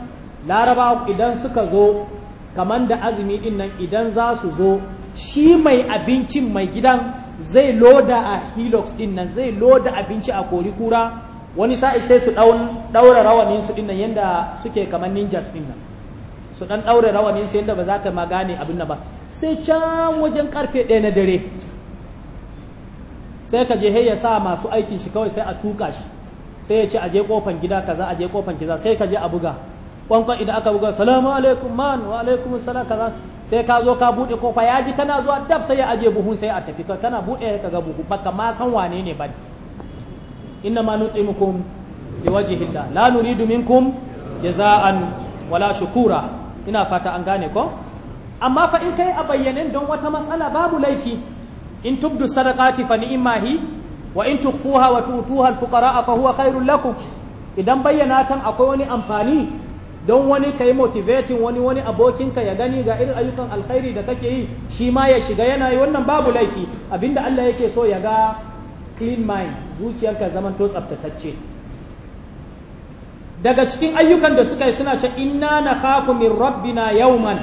Laraba idan suka zo kamar da azumi din nan idan za su zo shi mai abincin mai gidan zai loda a Hilux din nan zai loda abinci a kori kura wani sa'i sai su daura rawanin su din nan yanda suke kamar ninjas din nan su dan daure rawanin su yanda ba za ta ma gane abin nan ba sai can wajen karfe ɗaya na dare sai ka je hayya sa masu aikin shi kawai sai a tuka shi sai ya ce a je kofan gida kaza aje kofan gida sai ka je a buga kwankwan idan aka buga salamu alaikum man wa alaikum salam kaza sai ka zo ka bude kofa ya ji kana zuwa dab sai ya aje buhun sai a tafi kai kana bude ka ga buhu baka ma san wane ne ba inna ma nutimukum liwajhi Allah la nuridu minkum jaza'an wala shukura ina fata an gane ko amma fa in kai a bayyanen don wata matsala babu laifi in tubdu sadaqati fa ni'mahi wa in tukhfuha wa tutuha al-fuqara fa huwa khairul lakum idan bayyana tan akwai wani amfani don wani kai motivating wani wani abokinka ya gani ga irin ayyukan alkhairi da kake yi shi ma ya shiga yana yi wannan babu laifi abinda Allah yake so ya ga clean mind zuciyarka zaman to tsaftatacce daga cikin ayyukan da suka yi suna ce inna na rabbi min rabbina yawman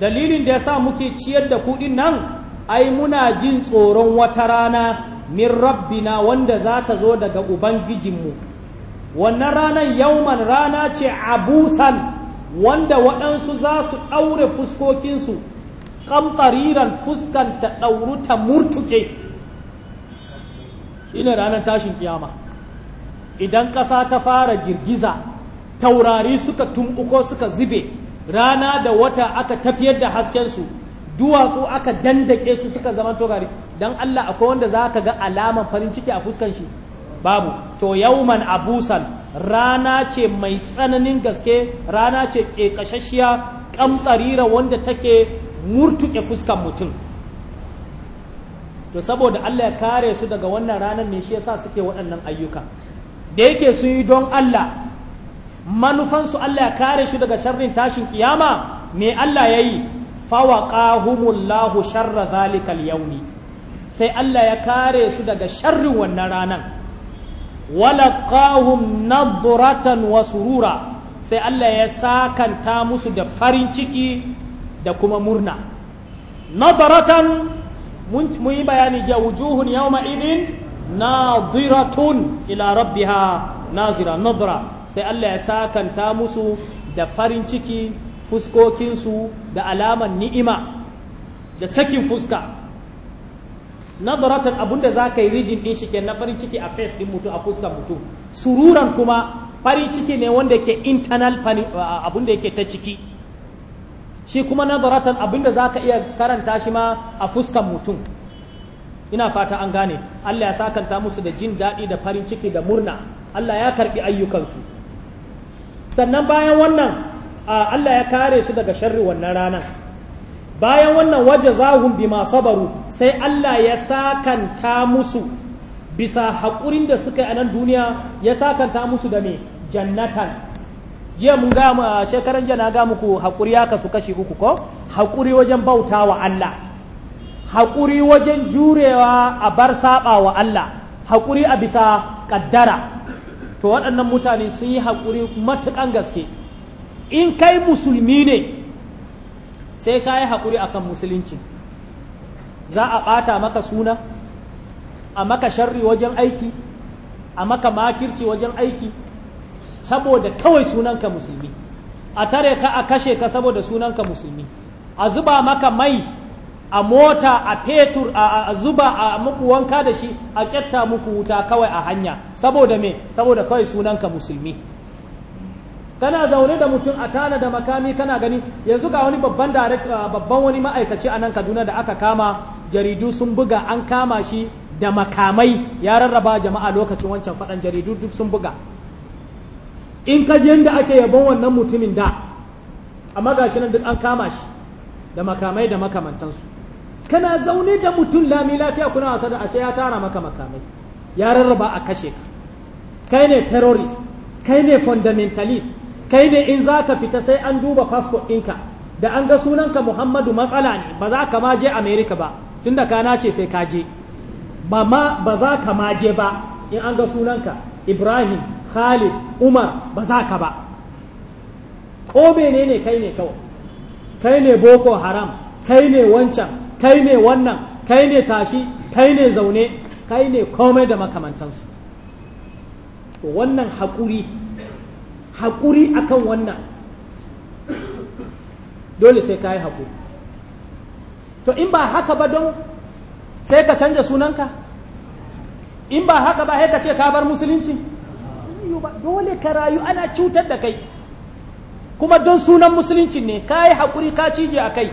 dalilin da yasa muke ciyar da kuɗin nan ai muna jin tsoron wata rana min rabbina wanda za ta zo daga ubangijinmu wannan ranar yauman rana ce abusan wanda waɗansu za su ɗaure fuskokinsu ƙamfariran fuskan ta ɗauru ta murtuke ina ranar tashin kiyama idan ƙasa ta fara girgiza taurari suka tumɓuko suka zube rana da wata aka tafiyar da haskensu duwatsu aka dandake su suka zama togari don Allah akwai wanda za ka ga alaman farin ciki a fuskan shi babu to yauman abusan rana ce mai tsananin gaske rana ce ƙeƙashashiya ƙamtsarira wanda take murtuke fuskan mutum to saboda Allah ya kare su daga wannan ranar ne shi yasa suke waɗannan ayyuka da yake su yi don Allah manufansu Allah ya kare shi daga sharrin tashin kiyama me Allah ya yi fawaqahumullahu sharra zalikal yauni sai Allah ya kare su daga sharrin wannan ranan walaqahum nadratan wa surura sai Allah ya sakanta musu da farin ciki da kuma murna nadratan mun yi bayani ja wujuhun yawma idin nadiratun ila rabbiha nazira nadra sai Allah ya sakanta musu da farin ciki fuskokinsu da alaman ni'ima da sakin fuska nazaratan abinda za ka yi rijin ɗin shi na farin ciki a face ɗin mutum a fuskar mutum sururan kuma farin ciki ne wanda ke internal abinda yake ta ciki shi kuma nazaratan abinda za ka iya karanta shi ma a fuskan mutum ina fata an gane Allah ya sakanta musu da jin daɗi da farin ciki da murna Allah ya karɓi ayyukansu sannan bayan wannan A Allah ya kare su daga sharri wannan rana bayan wannan waje zahun bi baro sai Allah ya sakanta musu bisa haƙurin da suka yi a nan duniya ya sakanta musu da me jannatan jiya mun ga shekaran jana ga muku haƙuri ya kasu kashi uku ko haƙuri wajen bauta wa Allah haƙuri wajen jurewa a bar saɓa wa Allah haƙuri a bisa ƙaddara to waɗannan mutane sun yi haƙuri matukan gaske in kai musulmi ne sai ka yi haƙuri akan musulunci za a ɓata maka suna a maka sharri wajen aiki a maka makirci wajen aiki saboda kawai sunanka musulmi a tare ka a kashe ka saboda sunanka musulmi a zuba maka mai a mota a fetur a zuba a muku wanka da shi a ƙetta muku wuta kawai a hanya saboda me saboda kawai sunanka musulmi kana zaune da mutum a tana da makami kana gani yanzu ga wani babban uh, babban wani ma'aikaci a nan kaduna da aka kama jaridu sun buga an kama shi da makamai ya rarraba jama'a lokacin wancan faɗan jaridu duk sun buga in ka yadda ake yabon wannan mutumin da amma ga shi nan duk an kama shi da makamai da makamantansu kana zaune da mutum lami lafiya kuna wasa da ashe ya tara maka makamai ya rarraba a kashe ka kai ne terrorist kai ne fundamentalist kai ne in za ka fita sai an duba passport ɗinka da an ga sunanka muhammadu matsala ne ba za ka maje amerika america ba da kana ce sai ka je ba za ka maje ba in an ga sunanka ibrahim khalid umar ba za ka ba ko ne ne kai ne kawai kai ne boko haram kai ne wancan kai ne wannan kai ne tashi kai ne zaune kai ne komai da makamantansu wannan haƙuri haƙuri akan wannan dole sai ka yi haƙuri to in ba haka ba don sai ka canja sunanka in ba haka ba sai ka ce ka bar musulunci dole ka rayu ana cutar da kai kuma don sunan musulunci ne ka yi haƙuri ka cije a kai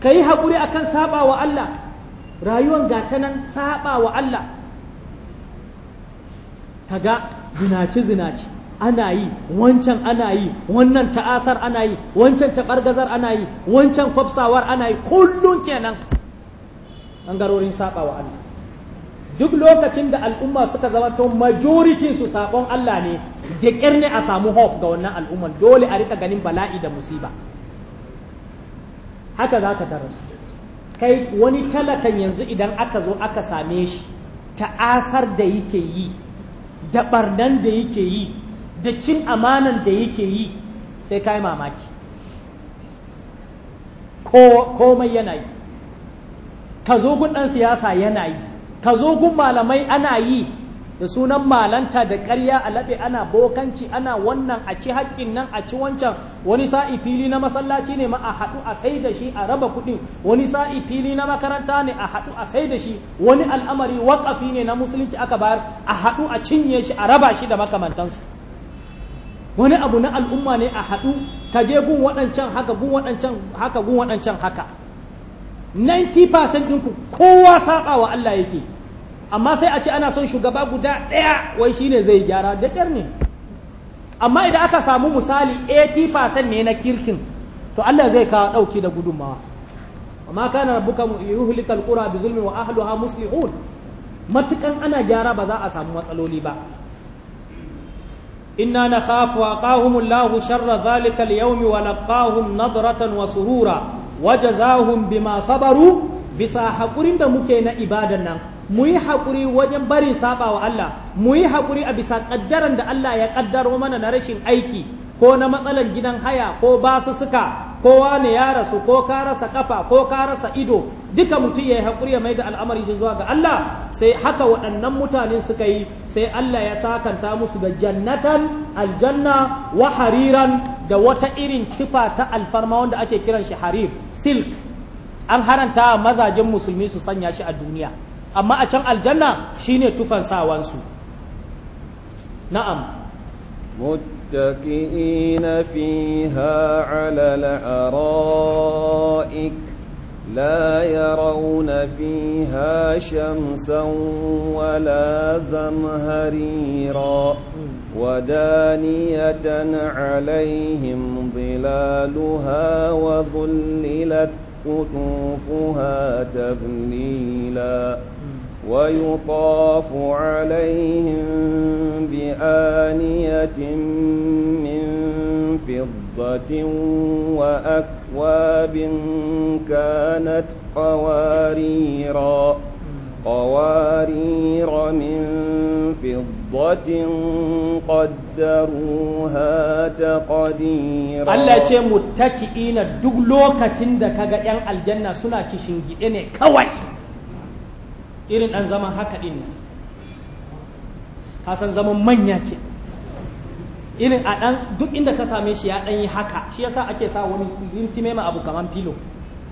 ka yi haƙuri a kan saɓa wa Allah rayuwan gata nan saɓa wa Allah ga zinace zinace ana yi wancan ana yi wannan ta'asar ana yi wancan taɓargazar ana yi wancan kwafsawar ana yi kullum kenan ɓangarorin saɓa wa Allah duk lokacin da al'umma suka zama to majority su saƙon Allah ne da ƙirne a samu hope ga wannan al'umman dole a rika ganin bala'i da musiba haka za ka tarar kai wani talakan yanzu idan aka zo aka same shi ta'asar da yake yi da ɓarnan da yake yi da cin amanan da yake yi sai kai mamaki komai yana yi ka zo gun ɗan siyasa yana yi ka zo gun malamai ana yi da sunan malanta da ƙarya a laɓe ana bokanci ana wannan a ci haƙƙin nan a ci wancan wani sa'i fili na masallaci ne ma a haɗu a sai da shi a raba kuɗin wani sa'i fili na makaranta ne a haɗu a sai da shi wani al'amari waƙafi ne na musulunci aka bayar a haɗu a cinye shi a raba shi da makamantansu wani abu na al'umma ne a haɗu ka je gun waɗancan haka gun waɗancan haka gun waɗancan haka 90% ɗinku kowa saɓa wa Allah yake amma sai a ce ana son shugaba guda ɗaya wai shine zai gyara da ɗar ne amma idan aka samu misali 80% ne na kirkin to Allah zai kawo ɗauki da gudunmawa amma kana rabbuka yuhlikal qura bi zulmin wa ahliha muslihun matukan ana gyara ba za a samu matsaloli ba inna nakhafu aqahum Allahu sharra zalika al-yawm wa laqahum nadratan wa surura wajazahum bima sabaru bisa haƙurin da muke na ibadan nan mu yi haƙuri wajen barin saba wa Allah mu yi haƙuri a bisa ƙaddaran da Allah ya ƙaddaro mana na rashin aiki ko na matsalan gidan haya ko basu suka ko wane ya rasu ko ka rasa kafa ko ka rasa ido duka mutum ya yi haƙuri ya mai da al'amari shi zuwa ga Allah sai haka waɗannan mutane suka yi sai Allah ya sakanta musu da jannatan aljanna wa hariran da wata irin tufa ta alfarma wanda ake kiran shi harir silk an haranta mazajen musulmi su sanya shi a duniya amma a can aljanna shine tufan sawansu na'am متكئين فيها على الأرائك لا يرون فيها شمسا ولا زمهريرا ودانية عليهم ظلالها وظللت قطوفها تبنيلا ويطاف عليهم بآنية من فضة وأكواب كانت قواريرا قوارير من فضة allah ce الله يتي متكئين دوك لوكاتين دا كاغا يان الجنة سنا كشنجي ne kawai irin dan zaman haka din ka san zaman manya ke irin a dan duk inda ka same shi ya dan yi haka shi yasa ake sa wani zintime ma abu kaman filo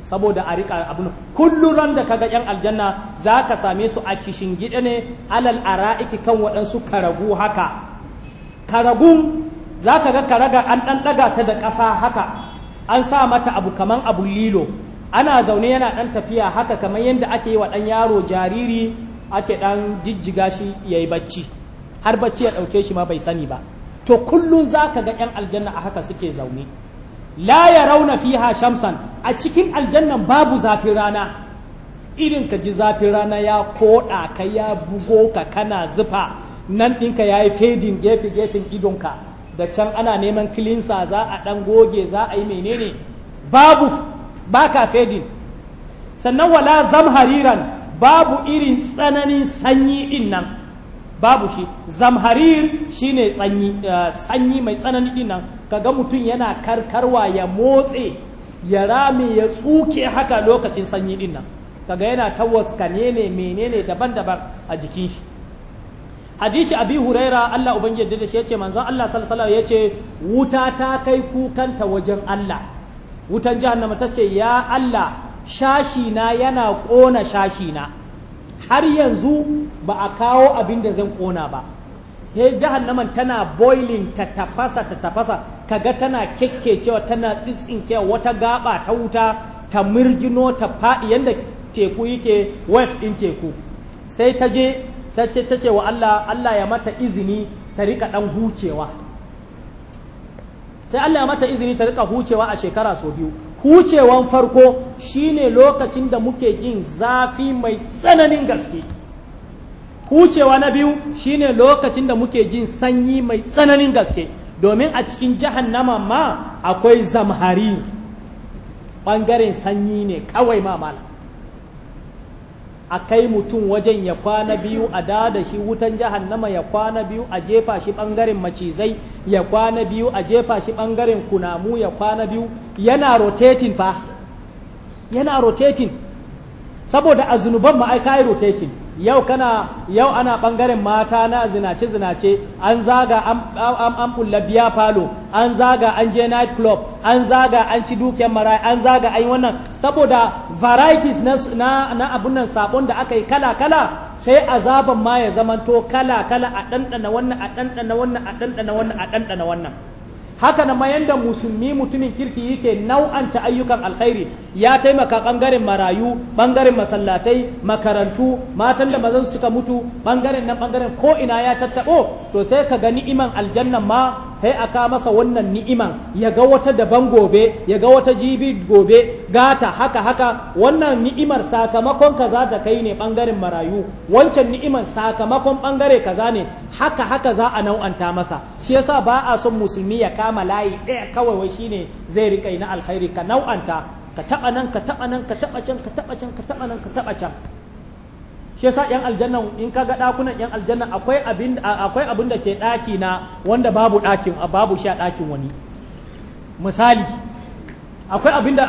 saboda a riƙa abin kullum ran da kaga yan aljanna za ka same su a kishin gida ne alal ara'iki kan waɗansu karagu haka karagun za ka ga karaga an ɗan ɗaga ta da ƙasa haka an sa mata abu kaman abu lilo ana zaune yana ɗan tafiya haka kamar yadda ake yi wa ɗan yaro jariri ake ɗan jijjiga shi ya yi bacci har bacci ya ɗauke shi ma bai sani ba to kullum za ka ga 'yan aljanna a haka suke zaune la ya rauna fiha shamsan a cikin aljannan babu zafin rana irin ka ji zafin rana ya koda ka ya bugo ka kana zufa nan ɗinka ya yi fedin gefe gefen idonka da can ana neman kilinsa za a ɗan goge za a yi menene babu baka fedin sannan wala zam hariran babu irin tsananin sanyi in nan babu shi zamharir shine tsanyi tsanyi eh, mai tsanani din nan kaga mutum yana karkarwa ya motse ya rame ya tsuke haka lokacin sanyi din nan kaga yana tawaska ne ne menene daban-daban a jikin shi hadisi abi huraira Allah ubangiji da shi yace manzon Allah sallallahu alaihi yace wuta ta kai kukanta wajen Allah wutan jahannama tace ya Allah shashi na yana kona shashi na har yanzu ba a kawo abin da zan kona ba he jahannaman tana boiling ta tafasa ta tafasa kaga tana kekkecewa tana tsitsinkewa wata gaba ta wuta ta mirgino ta faɗi yadda teku yake west ɗin teku sai ta je ta ce ta ce wa Allah Allah ya mata izini ta rika ɗan hucewa sai Allah ya mata izini ta rika hucewa a shekara sau biyu hucewan farko shine lokacin da muke jin zafi mai tsananin gaske hucewa na biyu shine lokacin da muke jin sanyi mai tsananin gaske domin a cikin jahannama ma akwai zamhari ɓangaren sanyi ne kawai mamala a kai mutum wajen ya kwana biyu a da shi wutan jahannama ya kwana biyu a jefa shi bangaren macizai ya kwana biyu a jefa shi bangaren kunamu ya kwana biyu yana rotating fa yana rotating saboda a zunuban ma aika ka yi rotating yau kana yau ana bangaren mata na zinace zinace an zaga an an kulla biya falo an zaga an je night club an zaga an ci dukiyar marayi an zaga an yi wannan saboda varieties na na, na abun nan sabon da aka yi kala kala sai azaban ma ya zamanto kala kala a dandana wannan a dandana wannan a dandana wannan a dandana wannan haka na mayan da musulmi mutumin kirki yake nau'anta ayyukan alkhairi ya taimaka bangaren marayu bangaren masallatai makarantu matan da mazan suka mutu bangaren nan bangaren ko ina ya tattabo to sai ka gani iman aljannan ma sai aka masa wannan ni'iman ya ga wata daban gobe ya ga wata jibi gobe gata haka haka wannan ni'imar sakamakon kaza da kai ne bangaren marayu wancan ni'imar sakamakon bangare kaza ne haka haka za a nau'anta masa shi yasa ba a son musulmi ya kama layi ɗaya kawai wai shine zai rika na alkhairi ka nau'anta ka taɓa nan ka taɓa nan ka taɓa can ka taɓa can ka taɓa nan ka taɓa can shi yasa yan aljanna in kaga dakunan yan aljanna akwai abin akwai abin da ke daki na wanda babu dakin babu shi a dakin wani misali akwai abin da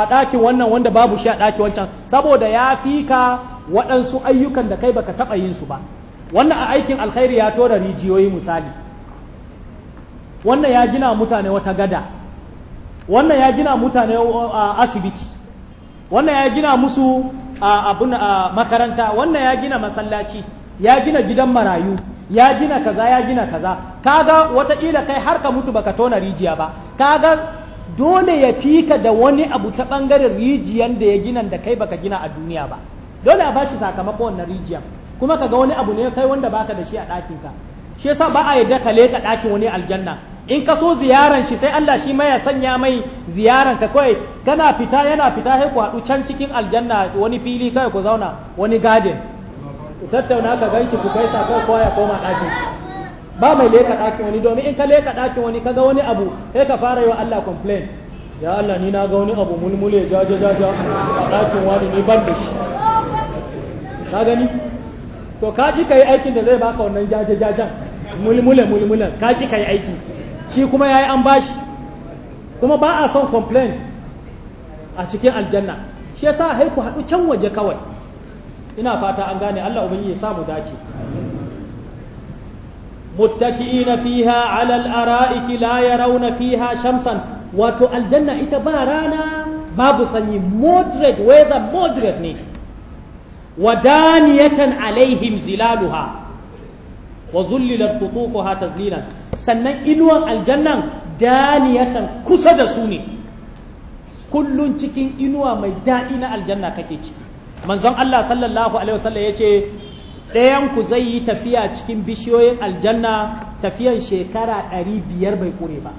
a dakin wannan wanda babu shi a dakin wancan saboda ya fika waɗansu ayyukan da kai baka taɓa yin su ba wannan a aikin alkhairi ya tora rijiyoyi misali wannan ya gina mutane wata gada wannan ya gina mutane a asibiti wannan ya gina musu abun makaranta wannan ya gina masallaci ya gina gidan marayu ya gina kaza ya gina kaza kaga wataƙila kai har ka mutu baka tona rijiya ba kaga dole ya fika da wani abu ta ɓangaren rijiyan da ya gina da kai baka gina a duniya ba dole a bashi sakamakon wannan rijiyan kuma kaga wani abu ne kai wanda baka da shi a ɗakinka shi yasa ba a yadda ka leka ɗakin wani aljanna in ka so ziyaran shi sai Allah shi ma ya sanya mai ziyaran ka kawai kana fita yana fita sai ku haɗu can cikin aljanna wani fili kai ku zauna wani garden ku tattauna ka ganshi ku sa kai kowa ya koma ɗakin shi ba mai leka ɗakin wani domin in ka leka ɗakin wani kaga wani abu sai ka fara yi wa Allah complain ya Allah ni na ga wani abu mulmule jaja jaja a ɗakin wani ni ban da shi ka gani to ka ji ka yi aikin da zai baka wannan jaje jajan mulmule mulmule ka ji ka yi aiki shi kuma ya yi an bashi kuma ba a son complain a cikin aljanna shi yasa haiku haɗu can waje kawai ina fata an gane Allah ubin ya samu dace muttaki'ina fiha alal al-ara'iki la yarawna fiha shamsan wato aljanna ita ba rana babu sanyi moderate weather moderate ne wadaniyatan alaihim zilaluha wa zullilat qutufuha tazlilan sannan inuwan aljannan daniyatan kusa da su ne kullun cikin inuwa mai daɗi na aljanna kake ciki manzon Allah sallallahu alaihi wasallam yace ɗayan ku zai yi tafiya cikin bishiyoyin aljanna tafiyan shekara ɗari biyar bai kure ba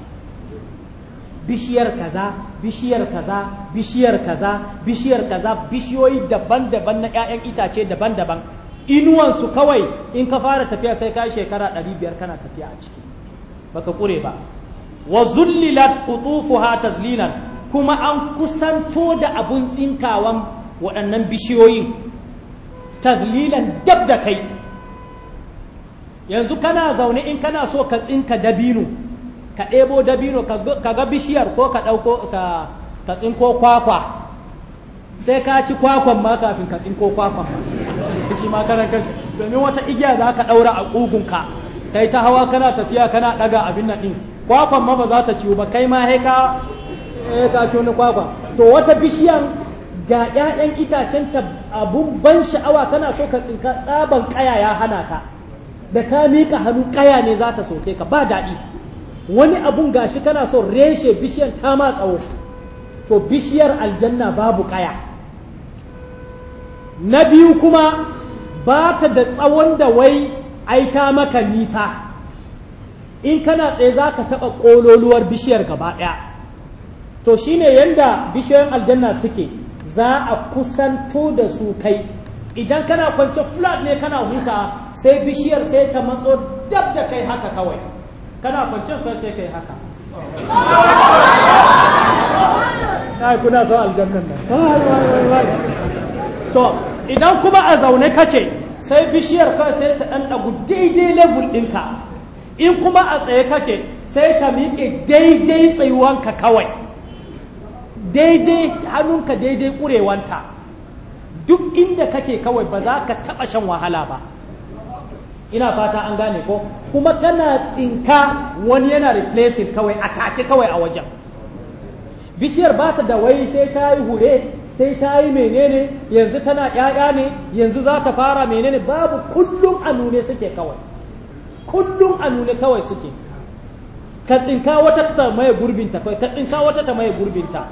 bishiyar kaza bishiyar kaza bishiyar kaza bishiyar kaza bishiyoyi daban-daban na 'ya'yan itace daban-daban inuwansu kawai in ka fara tafiya sai ka yi shekara 500 kana tafiya a ciki baka kure ba wa zullilat ha tazlilan kuma an kusanto da abun tsinkawan waɗannan bishiyoyin tazlilan dab da kai yanzu kana zaune in kana so ka tsinka dabino ka ɗebo dabino ka ga bishiyar ko ka ɗauko ka tsinko kwakwa sai ka ci kwakwan ma kafin ka tsinko kwakwan shi ma kana kashi domin wata igiya za ka ɗaura a ƙugunka kai ta hawa kana tafiya kana ɗaga abin nan ɗin kwakwan ma ba za ta ciwo ba kai ma sai ka ka ci wani kwakwa to wata bishiyan ga 'ya'yan itacen ta abun ban sha'awa kana so ka tsinka tsaban kaya ya hana ka da ka miƙa hannu ƙaya ne za ta soke ka ba daɗi wani abun gashi kana so reshe bishiyar ta ma tsawo to bishiyar aljanna babu kaya na biyu kuma ba ka da tsawon da wai aita maka nisa in kana tsaye za ka taɓa ƙololuwar bishiyar gaba ɗaya to ne yadda bishiyoyin aljanna suke za a kusanto da su kai idan kana kwance flat ne kana huta sai bishiyar sai ta matso dab da kai haka kawai kana kwance kai sai kai haka ai kuna son aljannan nan to idan kuma a zaune kake sai bishiyar ka sai ta ɗan ɗagu daidai level ɗinka in kuma a tsaye kake sai ka miƙe daidai tsayuwanka kawai daidai hannunka daidai ƙurewanta duk inda kake kawai ba za ka taɓa shan wahala ba ina fata an gane ko kuma tana tsinka wani yana replacing kawai a take kawai a wajen bishiyar ba ta da wai sai ta yi hure sai ta yi menene yanzu tana ƴaƴa ne yanzu za ta fara menene babu kullum a nune suke kawai kullum a nune kawai suke ka tsinka wata ta maye gurbinta ka tsinka wata ta maye gurbinta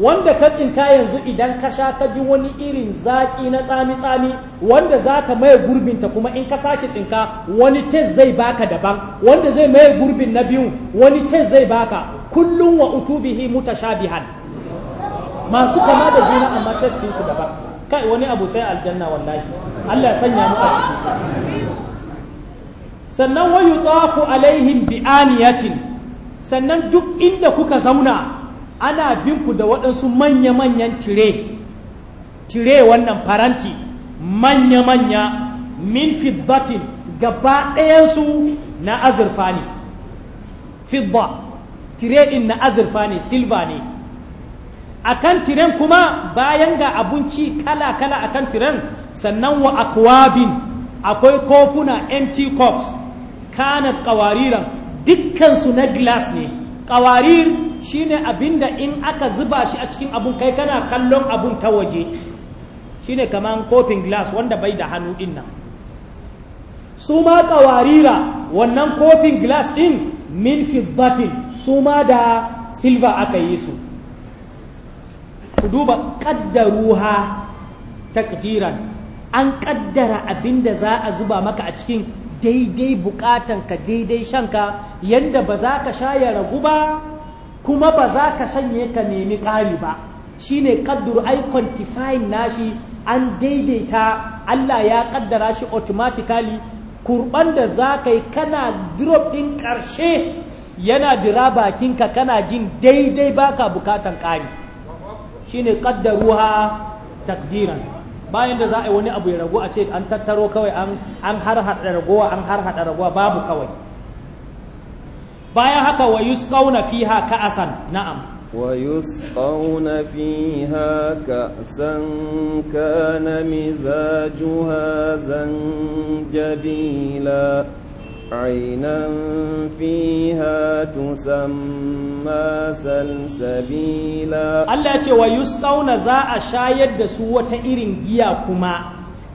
wanda ka tsinka yanzu idan ka sha ka ji wani irin zaƙi na tsami-tsami wanda za ka maye gurbinta kuma in ka sake tsinka wani tes zai baka daban wanda zai maye gurbin na biyu wani tes zai baka kullum wa utubihi mutashabihan masu kama da juna amma tes din su daban kai wani abu sai aljanna wallahi Allah sanya mu a ciki sannan wa yutafu alaihim bi aniyatin sannan duk inda kuka zauna ana binku da waɗansu manya-manyan tire tire wannan faranti manya-manya min fiddatin gaba ɗayansu na azurfa ne fidda tire ɗin na azurfa ne silva ne a kan tiren kuma bayan ga abinci kala-kala a kan tiren sannan wa akwabin akwai kofuna empty cups kanar kawariran dukkansu na glass ne ƙawarir shine abinda in aka zuba shi a cikin abun kai kana kallon abun ta waje shine kaman kofin glass wanda bai da hannu din nan su ma ƙawarira wannan kofin glass din min fiddatin su ma da silver aka yi su ku duba ƙaddaruha takdiran an ƙaddara abin da za a zuba maka a cikin daidai ka daidai shanka yadda ba za ka sha ya ragu ba kuma ba za ka sanye ka nemi ƙari ba Shi ne kadduru ai quantifying nashi an daidaita Allah ya kaddara shi automatically kurban da za ka yi kana drop ɗin ƙarshe yana dira bakinka kana jin daidai baka bukatan ƙari Shi ne shine kaddaruha takdiran bayan da za a yi wani abu ya ragu a ce an tattaro kawai an har hada ragowa an har harhaɗa ragowa babu kawai bayan haka fi ha fiha asan na'am wa yusqauna fiha na kana zan jabila. عينا فيها تسمى سلسبيلا الله يتي ويسقون زاء شايد irin giya جياكما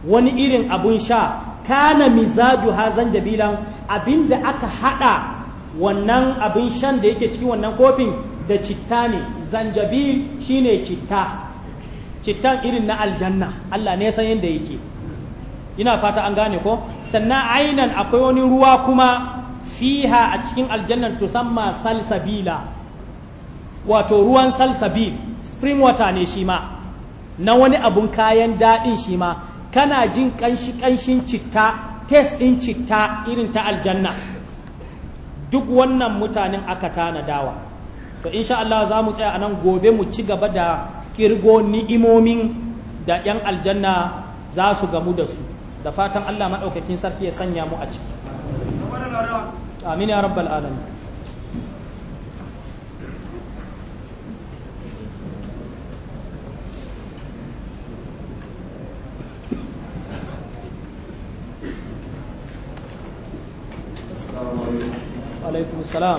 wani irin abun sha kana mizaju ha zanjabilan abinda aka haɗa wannan abin shan da yake cikin wannan kofin da citta ne zanjabil shine citta cittan irin na aljanna Allah ne san yadda yake ina fata an gane ko sannan ainan akwai wani ruwa kuma fiha a cikin aljannan tusamma salsabila wato ruwan salsabil spring water ne shi ma na wani abun kayan daɗin shi ma kana jin ƙanshi ƙanshin citta tes ɗin citta irin ta aljanna duk wannan mutanen aka tanadawa to insha Allah za mu tsaya anan gobe mu ci gaba da kirgo ni'imomin da 'yan aljanna za su gamu da su da fatan Allah maɗaukakin sarki ya sanya mu a ciki amin ya rabbal alamin alaikum salam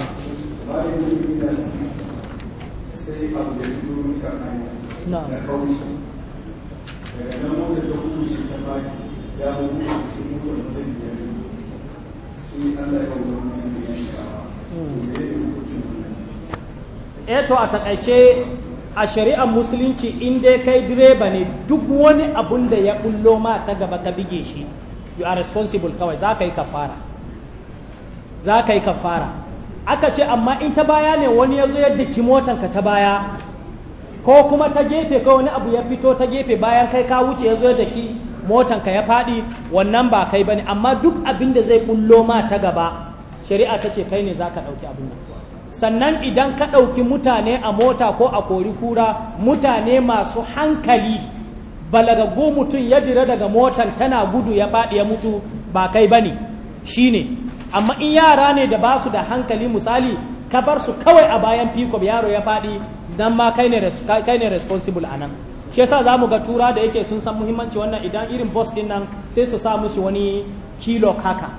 sai abu da fito kan hanya da kauce daga nan mota ta kuce ta fadi ya mutu a cikin mutum mutum biyar yi Allah ya wani mutum da ya shawa to me ya hukuncin wannan eh to a takaice a shari'ar musulunci in dai kai direba ne duk wani abun da ya bullo ma ta gaba ka bige shi you are responsible kawai za ka yi kafara za ka yi kafara aka ce amma in ta baya ne wani ya zo ya diki motanka ta baya ko kuma ta gefe ko wani abu ya fito ta gefe bayan kai ka wuce ya zo da ki ka ya fadi. wannan ba kai bane amma duk abin da zai bullo ma ta gaba shari'a ta ce kai ne za ka ɗauki abin nan sannan idan ka ɗauki mutane a mota ko a kori kura mutane masu hankali balagaggu mutum ya dira daga motan tana gudu ya fadi ya mutu ba kai bane shine amma in yara ne da basu da hankali misali ka bar su kawai a bayan pickup yaro ya faɗi dan ma kai ne kai ne responsible anan shi yasa za mu ga tura da yake sun san muhimmanci wannan idan irin boss din nan sai su sa musu wani kilo haka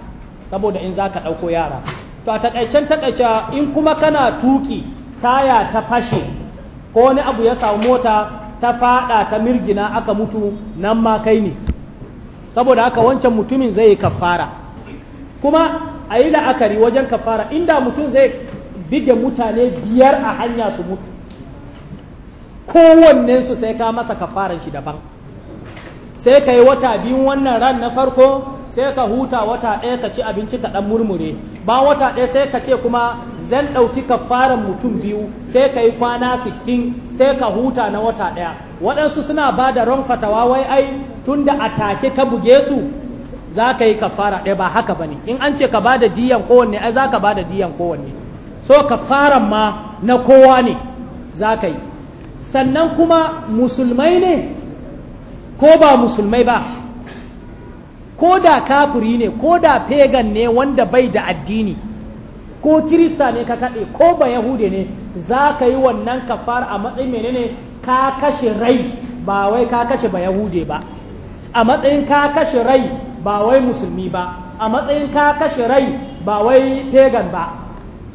saboda in zaka ɗauko yara to a takaicen takaice in kuma kana tuki taya ta fashe ko wani abu ya samu mota ta fada ta mirgina aka mutu nan ma kai ne saboda haka wancan mutumin zai yi kafara kuma a yi la'akari wajen kafara inda mutum zai bige mutane biyar a hanya su mutu kowannensu sai ka masa kafaran shi daban sai ka yi wata biyun wannan ran na farko sai ka huta wata ɗaya ka ci abinci ka ɗan murmure ba wata ɗaya sai ka ce kuma zan ɗauki kafaran mutum biyu sai ka yi kwana sittin sai ka huta na wata ɗaya waɗansu suna ba da ron fatawa wai ai tun da take ka buge su za ka yi kafara ɗaya eh, ba haka ba ne in an ce ka ba da diyan kowanne ai za ka ba da diyan kowanne so kafaran ma na kowa ne za ka yi sannan kuma musulmai ne ko ba musulmai ba ko da kafuri ne ko da pagan ne wanda bai da addini ko kirista ne ka kaɗe ko ba yahude ne za ka yi wannan kafar a matsayin menene ka kashe rai ba wai ka kashe ba yahude ba a matsayin ka kashe rai ba wai musulmi ba a matsayin ka kashe rai ba wai pagan ba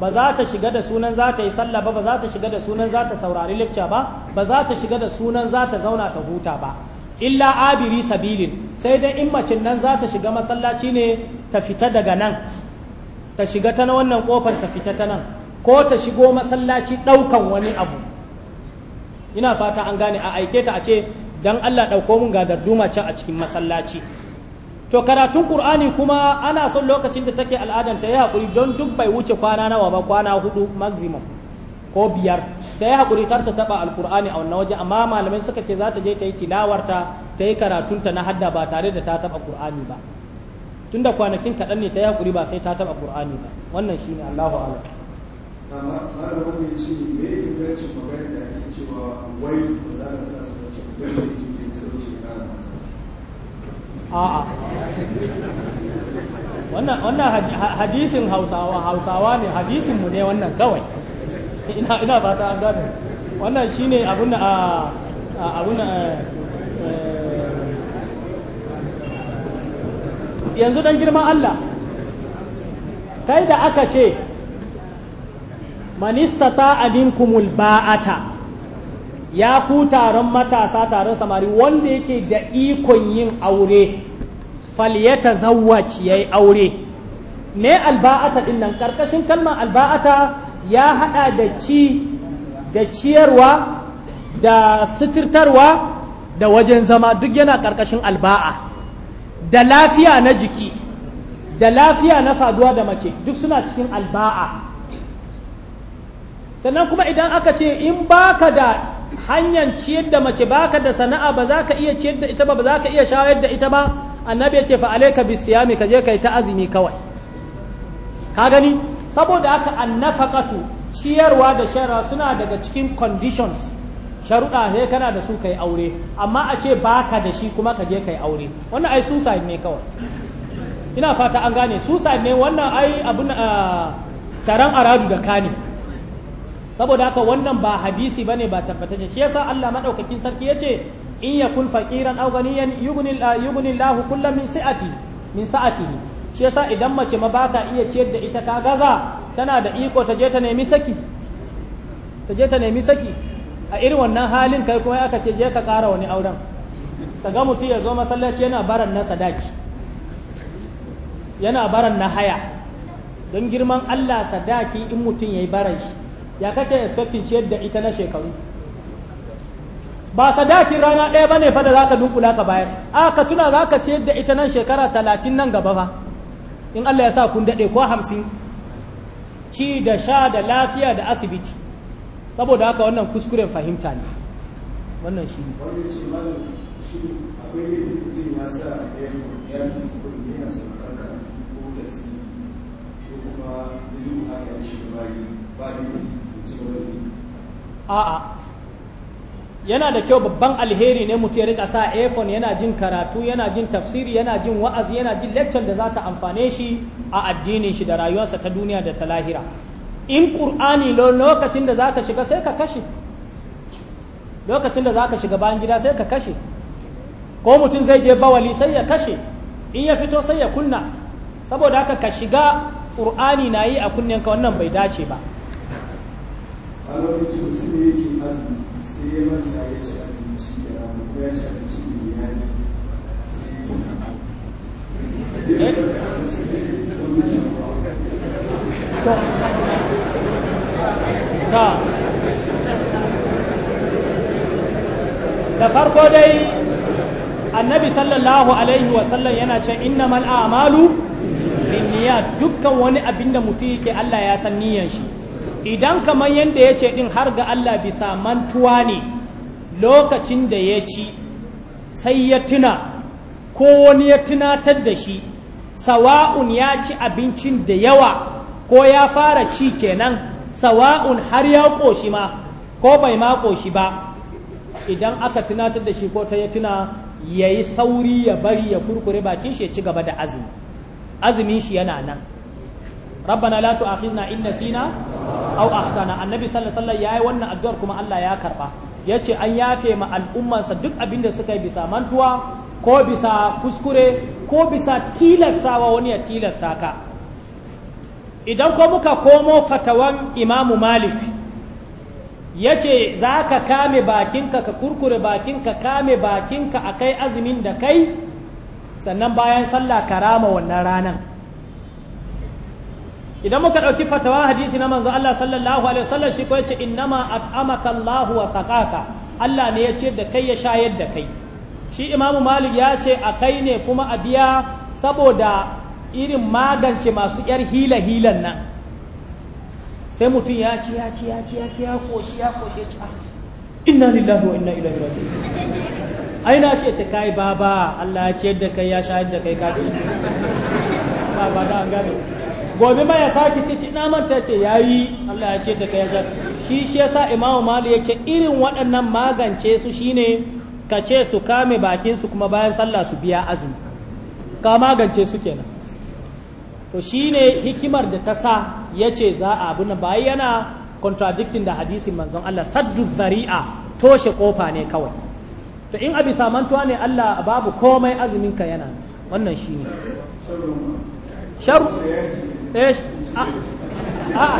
ba za ta shiga da sunan za ta yi sallah ba ba za ta shiga da sunan za ta saurari lecture ba ba za ta shiga da sunan za ta zauna ta huta ba illa abiri sabilin sai dai in macin nan za ta shiga masallaci ne ta fita daga nan ta shiga ta na wannan kofar ta fita ta nan ko ta shigo masallaci ɗaukan wani abu ina fata an gane a aike ta a ce dan allah ɗauko mun ga darduma can a cikin masallaci to karatun qur'ani kuma ana son lokacin da take al'adar ta yi haƙuri don duk bai wuce kwana nawa ba kwana hudu maximum ko biyar ta yi haƙuri kar ta taɓa alƙur'ani a wannan waje amma malamai suka ce za ta je ta yi tilawarta ta yi karatunta na hadda ba tare da ta taɓa ƙur'ani ba tun da kwanakin kaɗan ne ta yi haƙuri ba sai ta taɓa kur'ani ba wannan shi ne allahu alam ne ce me ingancin da ake cewa wai za ka sa su a'a wannan wannan hadisin hausawa hausawa ne hadisin ne wannan kawai ina ina ba ta an gane wannan shi ne abun da abun eh, yanzu don girman Allah kai da aka ce man istata aminkumul ba'ata ya ku taron matasa taron samari wanda yake da ikon yin aure faliyata zawwaci ya yi aure ne alba'ata din nan ƙarƙashin kalmar alba'ata ya haɗa da ci da ciyarwa da suturtarwa da wajen zama duk yana ƙarƙashin alba'a da lafiya na jiki da lafiya na saduwa da mace duk suna cikin alba'a sannan kuma idan aka ce in baka da hanyar ciyar da mace baka da sana'a ba za ka iya ciyar da ita ba ba za ka iya shayar da ita ba annabi ya ce fa alayka bisiyami ka je kai ta azumi kawai ka gani saboda haka annafaqatu ciyarwa da shara suna daga cikin conditions sharuɗa ne kana da su kai aure amma a ce baka da shi kuma ka je kai aure wannan ai susa ne kawai ina fata an gane susa ne wannan ai abun ah, taron aradu da kani saboda haka wannan ba hadisi bane ba tabbatacce shi yasa Allah madaukakin sarki yace in yakun faqiran aw ganiyan yughni yughni Allahu kullam min sa'ati min sa'ati shi yasa idan mace ma ba ta iya ciyar da ita ka gaza tana da iko ta je ta nemi saki ta je ta nemi saki a irin wannan halin kai kuma aka ce je ka kara wani auren ka ga mutum ya zo masallaci yana baran na sadaki yana baran na haya don girman Allah sadaki in mutum ya yi baran shi ya kake expecting ciyar da ita na shekaru ba sadakin rana ɗaya ba ne fa da za ka dunkula ka bayar a ka tuna za ka ciyar da ita nan shekara talatin nan gaba ba in Allah ya sa kun daɗe ko hamsin ci da sha da lafiya da asibiti saboda haka wannan kuskuren fahimta ne wannan shi ne ba a'a yana da kyau babban alheri ne mutum ya rika sa iphone yana jin karatu yana jin tafsiri yana jin wa'azi yana jin lecture da za ta amfane shi a addinin shi da rayuwarsa ta duniya da ta lahira in qur'ani lokacin da zaka shiga sai ka kashe lokacin da zaka shiga bayan gida sai ka kashe ko mutum zai je bawali sai ya kashe in ya fito sai ya kunna saboda haka ka shiga qur'ani na yi a kunnen ka wannan bai dace ba a lokacin mutum ne yake azumi sai ya manta ya ci abinci da rana ko ya ci abinci mai yaji sai ya tuna zai eh? manta abinci da wani kyawawa da farko dai annabi sallallahu alaihi wasallam yana ce innamal a'malu binniyat dukkan wani abinda mutum yake Allah ya san niyyar shi idan kamar yadda ya ce ɗin har ga Allah bisa mantuwa ne lokacin da ya ci sai ya tuna ko wani ya tunatar da shi sawa'un ya ci abincin da yawa ko ya fara ci kenan sawa'un har ya ƙoshi ma ko bai ma ƙoshi ba idan aka tunatar da shi ko ta ya tuna ya yi sauri ya bari ya kurkure bakin shi ya ci gaba da azumi azumin shi yana nan rabbana la tu'akhizna in nasina aw akhtana annabi sallallahu alaihi wasallam yayi wannan addu'ar kuma Allah ya karba yace an yafe ma al'ummarsa duk abin da suka yi bisa mantuwa ko bisa kuskure ko bisa tilastawa wani ya tilasta ka idan ko muka komo fatawan imamu malik yace zaka kame bakinka ka kurkure bakinka kame bakinka a kai azumin da kai sannan bayan sallah karama wannan ranar idan muka ɗauki fatawa hadisi na manzo Allah sallallahu alaihi wasallam shi ko yace innama at'amaka Allahu wa saqaka Allah ne ya ce da kai ya shayar da kai shi Imam Malik ya ce a kai ne kuma a biya saboda irin magance masu yar hila hilan nan sai mutum ya ci ya ci ya ci ya ci ya koshi ya koshi ya ci ah, inna lillahi wa inna ilaihi raji'un ai na ce ta kai baba Allah ya ce da kai ya shayar da kai ka ba ba da an gane gobe ba ya sake ce ina manta ce yi Allah ya ce ta kai ya shi shi yasa Imam Malik yake irin waɗannan magance su shine ka ce su kame bakin su kuma bayan sallah su biya azumi ka magance su kenan to shine hikimar da ta sa yace za a abu na bai yana contradicting da hadisin manzon Allah saddu zari'a toshe kofa ne kawai to in abi samantuwa ne Allah babu komai azumin ka yana wannan shine sharu Ah. Ah.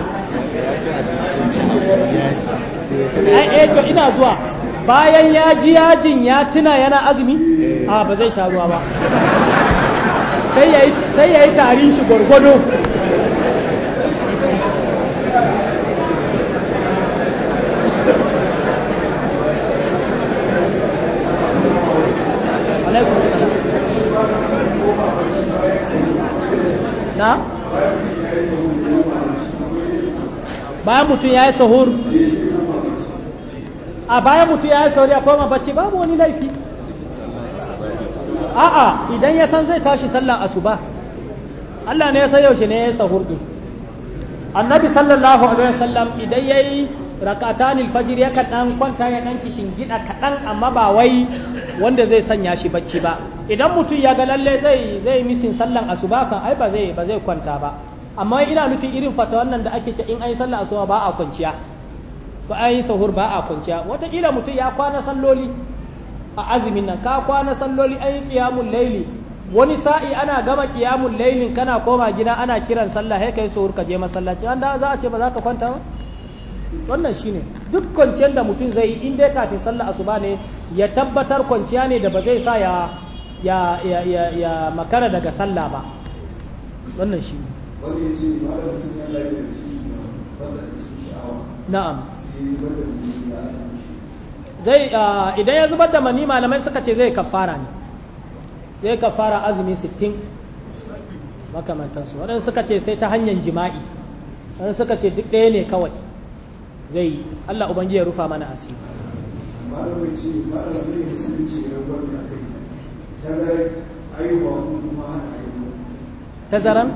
eh a to ina zuwa bayan ya ji yajin ya tuna yana azumi a ba zai sha ruwa ba sai ya yi tarin shi gwargwado na? bayan mutum ya yi sahur a bayan mutum ya yi sahur ya koma bacci babu wani laifi a'a idan ya san zai tashi sallan asuba Allah ne ya san yaushe ne ya yi sahur din annabi sallallahu alaihi wasallam idan yayi rakatan alfajr ya kadan kwanta ya dan kishin gida kadan amma ba wai wanda zai sanya shi bacci ba idan mutum ya ga lalle zai zai misin sallan asuba kan ai ba zai ba zai kwanta ba amma ina nufin irin fata wannan da ake ce in ai sallan asuba ba a kwanciya ko ai sahur ba a kwanciya wataƙila mutum ya kwana salloli a azumin nan ka kwana salloli ai qiyamul laili wani sa'i ana gama kiyamun lailin kana koma gida ana kiran sallah sai kai suhur ka je masallaci an da za a ce ba za ka kwanta ba wannan shine duk kwanciyar da mutum zai in dai kafin sallah asuba ne ya tabbatar kwanciya ne da ba zai sa ya ya ya ya, ya makara daga sallah ba wannan shine wanda ya ce malam mutum ya lafiya ciki ba za ciki sha'awa na'am zai ah, idan ya zubar da mani malamai suka ce zai kafara ne sai ka fara azumi sittin makamantansu waɗansu suka ce sai ta hanyar jima'i waɗansu suka ce duk ɗaya ne kawai zai yi Allah ubangi ya rufa mana asiri malamai ce malamai ne musulunci ya gwani a kai tazarar aiwa kuma hana aiwa tazaran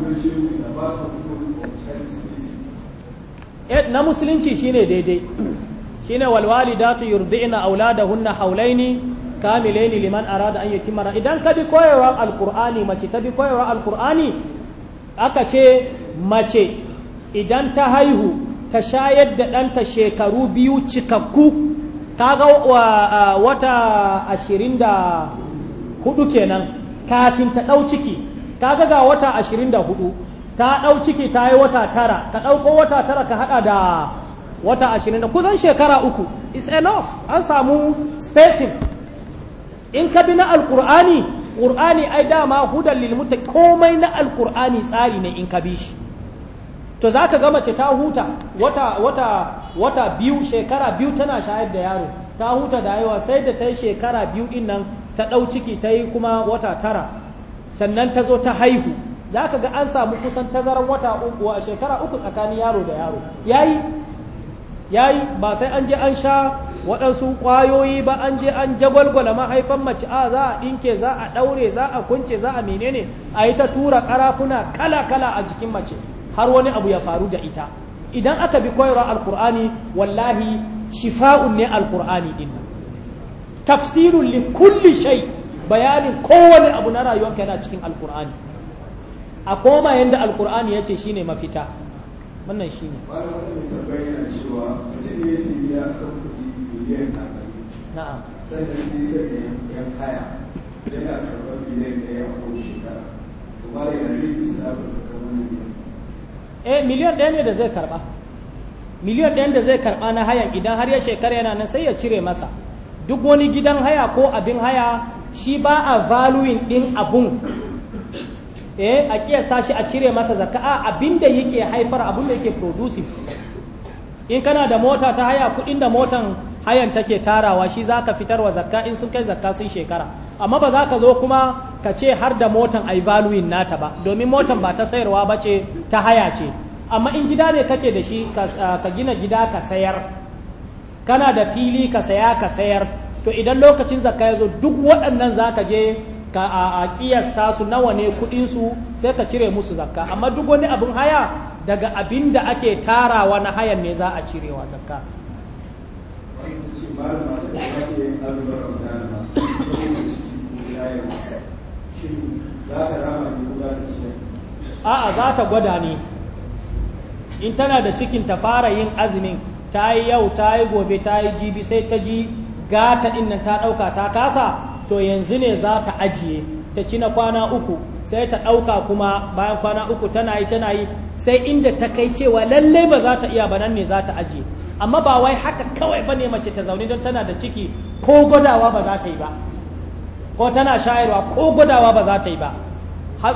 eh, na musulunci shine daidai shine walwalidatu yurdi'na auladahunna haulaini kamile ni liman arada an timara idan ka bi koyarwar alqur'ani mace ta bi alkur'ani alqur'ani aka ce mace idan ta haihu ta shayar da ɗanta shekaru biyu cikakku kaga wata ashirin da hudu kenan kafin ta ɗau ciki kaga ga wata ashirin da hudu ta ɗau ciki ta yi wata tara ka ɗauko wata tara ka haɗa da wata ashirin da kusan shekara uku is enough an samu spacing in ka bi na alkur'ani ƙur'ani ai dama hudar lilmuta komai na alkur'ani tsari ne in ka bi shi to za ka gama ce ta huta wata wata biyu shekara biyu tana shayar da yaro ta huta da yawa sai da ta yi shekara biyu din nan ta ɗau ciki ta yi kuma wata tara sannan ta zo ta haihu za ka ga an samu kusan tazarar wata uku a shekara uku tsakanin yaro da yaro ya yayi ba sai an je an sha waɗansu ƙwayoyi ba an je an jagwalgwala mahaifan mace a za a ɗinke za a ɗaure za a kunce za a menene a yi ta tura ƙarafuna kala-kala a jikin mace har wani abu ya faru da ita idan aka bi koyarwa alkur'ani wallahi shifa'un ne alkur'ani din tafsirun li kulli shay bayanin kowane abu na rayuwanka yana cikin alkur'ani a koma yanda alkur'ani ya ce shine mafita wannan shi ne yana cewa mutum ne sai biya kan kuɗi miliyan arba'in na'am sannan sai sai yan haya yana karɓar miliyan ɗaya a kowace shekara to ba da yanzu yi sabon zakar wannan miliyan eh miliyan ɗaya ne da zai karɓa miliyan ɗayan da zai karɓa na haya idan har ya shekara yana nan sai ya cire masa duk wani gidan haya ko abin haya shi ba a valuing ɗin abun eh a kiyasta shi a cire masa zakka abinda yake haifar abinda yake producing in kana da mota ta haya kuɗin da motan hayan take tarawa shi zaka fitar wa zakka in sun kai zakka sun shekara amma ba za ka zo kuma ka ce har da motan ai valuing nata ba domin motan ba ta sayarwa ba ce ta haya ce amma in gida ne kake da shi ka gina gida ka sayar kana da fili ka saya ka sayar to idan lokacin zakka ya zo duk waɗannan zaka je ka a kiyasta su nawa ne kuɗin su sai ka cire musu zakka amma duk wani abin haya daga abin da ake tarawa na hayan ne za a cirewa zakka a'a za ta gwada ne in tana da cikin ta fara yin azumin ta yi yau ta yi gobe ta yi jibi sai ta ji gata ɗin ta ɗauka ta kasa to yanzu ne za ta ajiye ta ci na kwana uku sai ta ɗauka kuma bayan kwana uku tana yi tana yi sai inda ta kai cewa lalle ba za ta iya ba ne za ta ajiye amma ba wai haka kawai ba ne mace ta zaune don tana da ciki ko gwadawa ba za ta yi ba ko tana shayarwa ko gwadawa ba za ta yi ba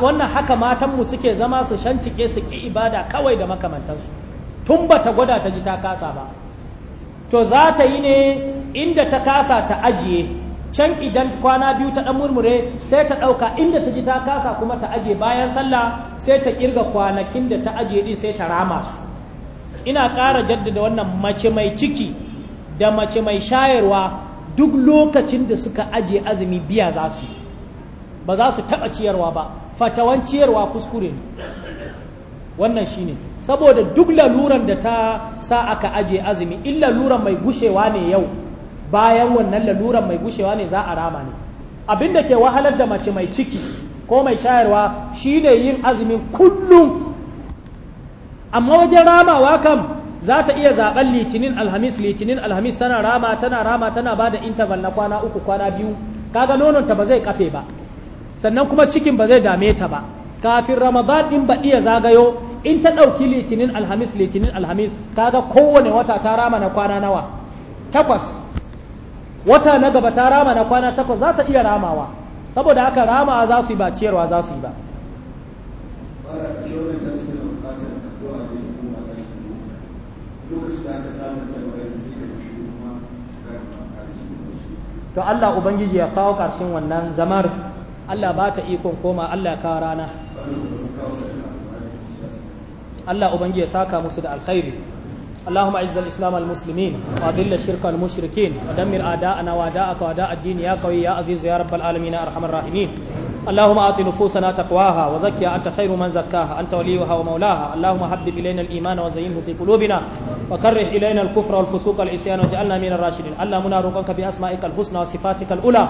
wannan haka matanmu suke zama su shantike su ki ibada kawai da makamantansu tun ba ta gwada ta ji ta kasa ba to za ta yi ne inda ta kasa ta ajiye can idan kwana biyu ta ɗan murmure sai ta ɗauka inda ta ji ta kasa kuma ta aje bayan sallah sai ta ƙirga kwanakin da ta aje din sai ta rama su ina ƙara jaddada wannan mace mai ciki da mace mai shayarwa duk lokacin da suka aje azumi biya za su ba za su taɓa ciyarwa ba fatawan ciyarwa kuskure ne wannan shine saboda duk laluran da ta sa aka aje azumi illa laluran mai gushewa ne yau bayan wannan laluran mai bushewa ne za a rama ne abin da ke wahalar da mace mai ciki ko mai shayarwa shine yin azumin kullum amma wajen ramawa kam za ta iya zaɓen litinin alhamis litinin alhamis tana rama tana rama tana ba da interval na kwana uku kwana biyu kaga nononta ba zai kafe ba sannan kuma cikin ba zai dame ta ba kafin ramadan din ba iya zagayo in ta ɗauki litinin alhamis litinin alhamis kaga kowane wata ta rama na kwana nawa takwas wata na gaba ta rama na kwana takwas za ta iya ramawa saboda haka ramawa za su yi ba ciyarwa za su yi ba to Allah Ubangiji ya kawo ƙarshen wannan zamar Allah ba ta ikon koma Allah ya kawo rana Allah Ubangiji ya saka musu da alkhairi اللهم اعز الاسلام المسلمين واذل الشرك المشركين ودمر اعداءنا واعداءك واعداء الدين يا قوي يا عزيز يا رب العالمين يا ارحم الراحمين اللهم آت نفوسنا تقواها وزكها أنت خير من زكاها أنت وليها ومولاها اللهم حبب إلينا الإيمان وزينه في قلوبنا وكره إلينا الكفر والفسوق والعصيان واجعلنا من الراشدين اللهم منا روقك بأسمائك الحسنى وصفاتك الأولى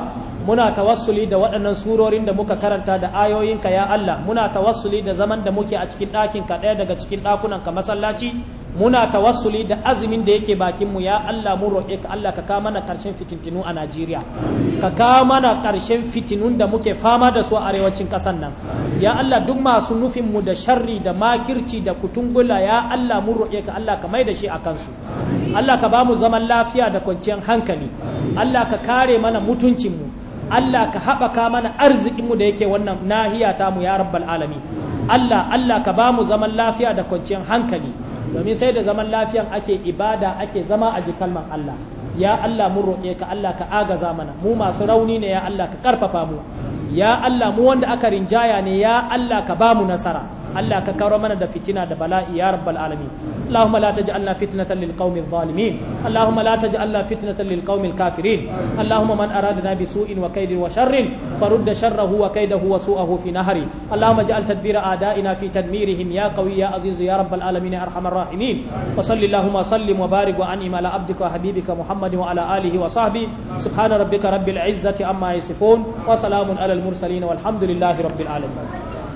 منا توسلي da waɗannan surorin da muka karanta da ayoyinka ya Allah muna tawassuli da zaman da muke a cikin ɗakin ka ɗaya daga cikin ɗakunan ka masallaci muna tawassuli da azumin da yake bakin mu ya Allah mun roƙe ka Allah ka kawo mana ƙarshen fitintinu a Najeriya ka kawo mana ƙarshen fitinun da muke fama da su a arewacin ƙasar nan ya Allah duk masu nufin mu da sharri da makirci da kutungula ya Allah mun roƙe ka Allah ka mai da shi a kansu Allah ka ba mu zaman lafiya da kwanciyar hankali Allah ka kare mana mutuncin mu Allah ka haɓaka mana arzikin mu da yake wannan nahiya ta mu ya rabbal alami Allah Allah ka ba mu zaman lafiya da kwanciyar hankali domin sai da zaman lafiyan ake ibada ake zama a ji Allah ya Allah mun roƙe ka Allah ka agaza mana mu masu rauni ne ya Allah ka ƙarfafa mu ya Allah mu wanda aka rinjaya ne ya Allah ka ba mu nasara Allah ka kawar mana da fitina da bala'i ya rabbal alamin Allahumma la taj'alna fitnatan lil qaumi adh Allahumma la taj'alna fitnatan lil qaumi kafirin Allahumma man na bi su'in wa kaidin wa sharrin farudda sharrahu wa kaidahu wa su'ahu fi nahri Allahumma ja'al tadbira a'da'ina fi tadmirihim ya qawi ya aziz ya rabbal alamin ya arhamar rahimin wa sallallahu sallim wa barik wa an'im ala abdika wa habibika Muhammad wa ala alihi wa sahbihi subhana rabbika rabbil izzati amma yasifun wa salamun ala al-mursalin والحمد لله رب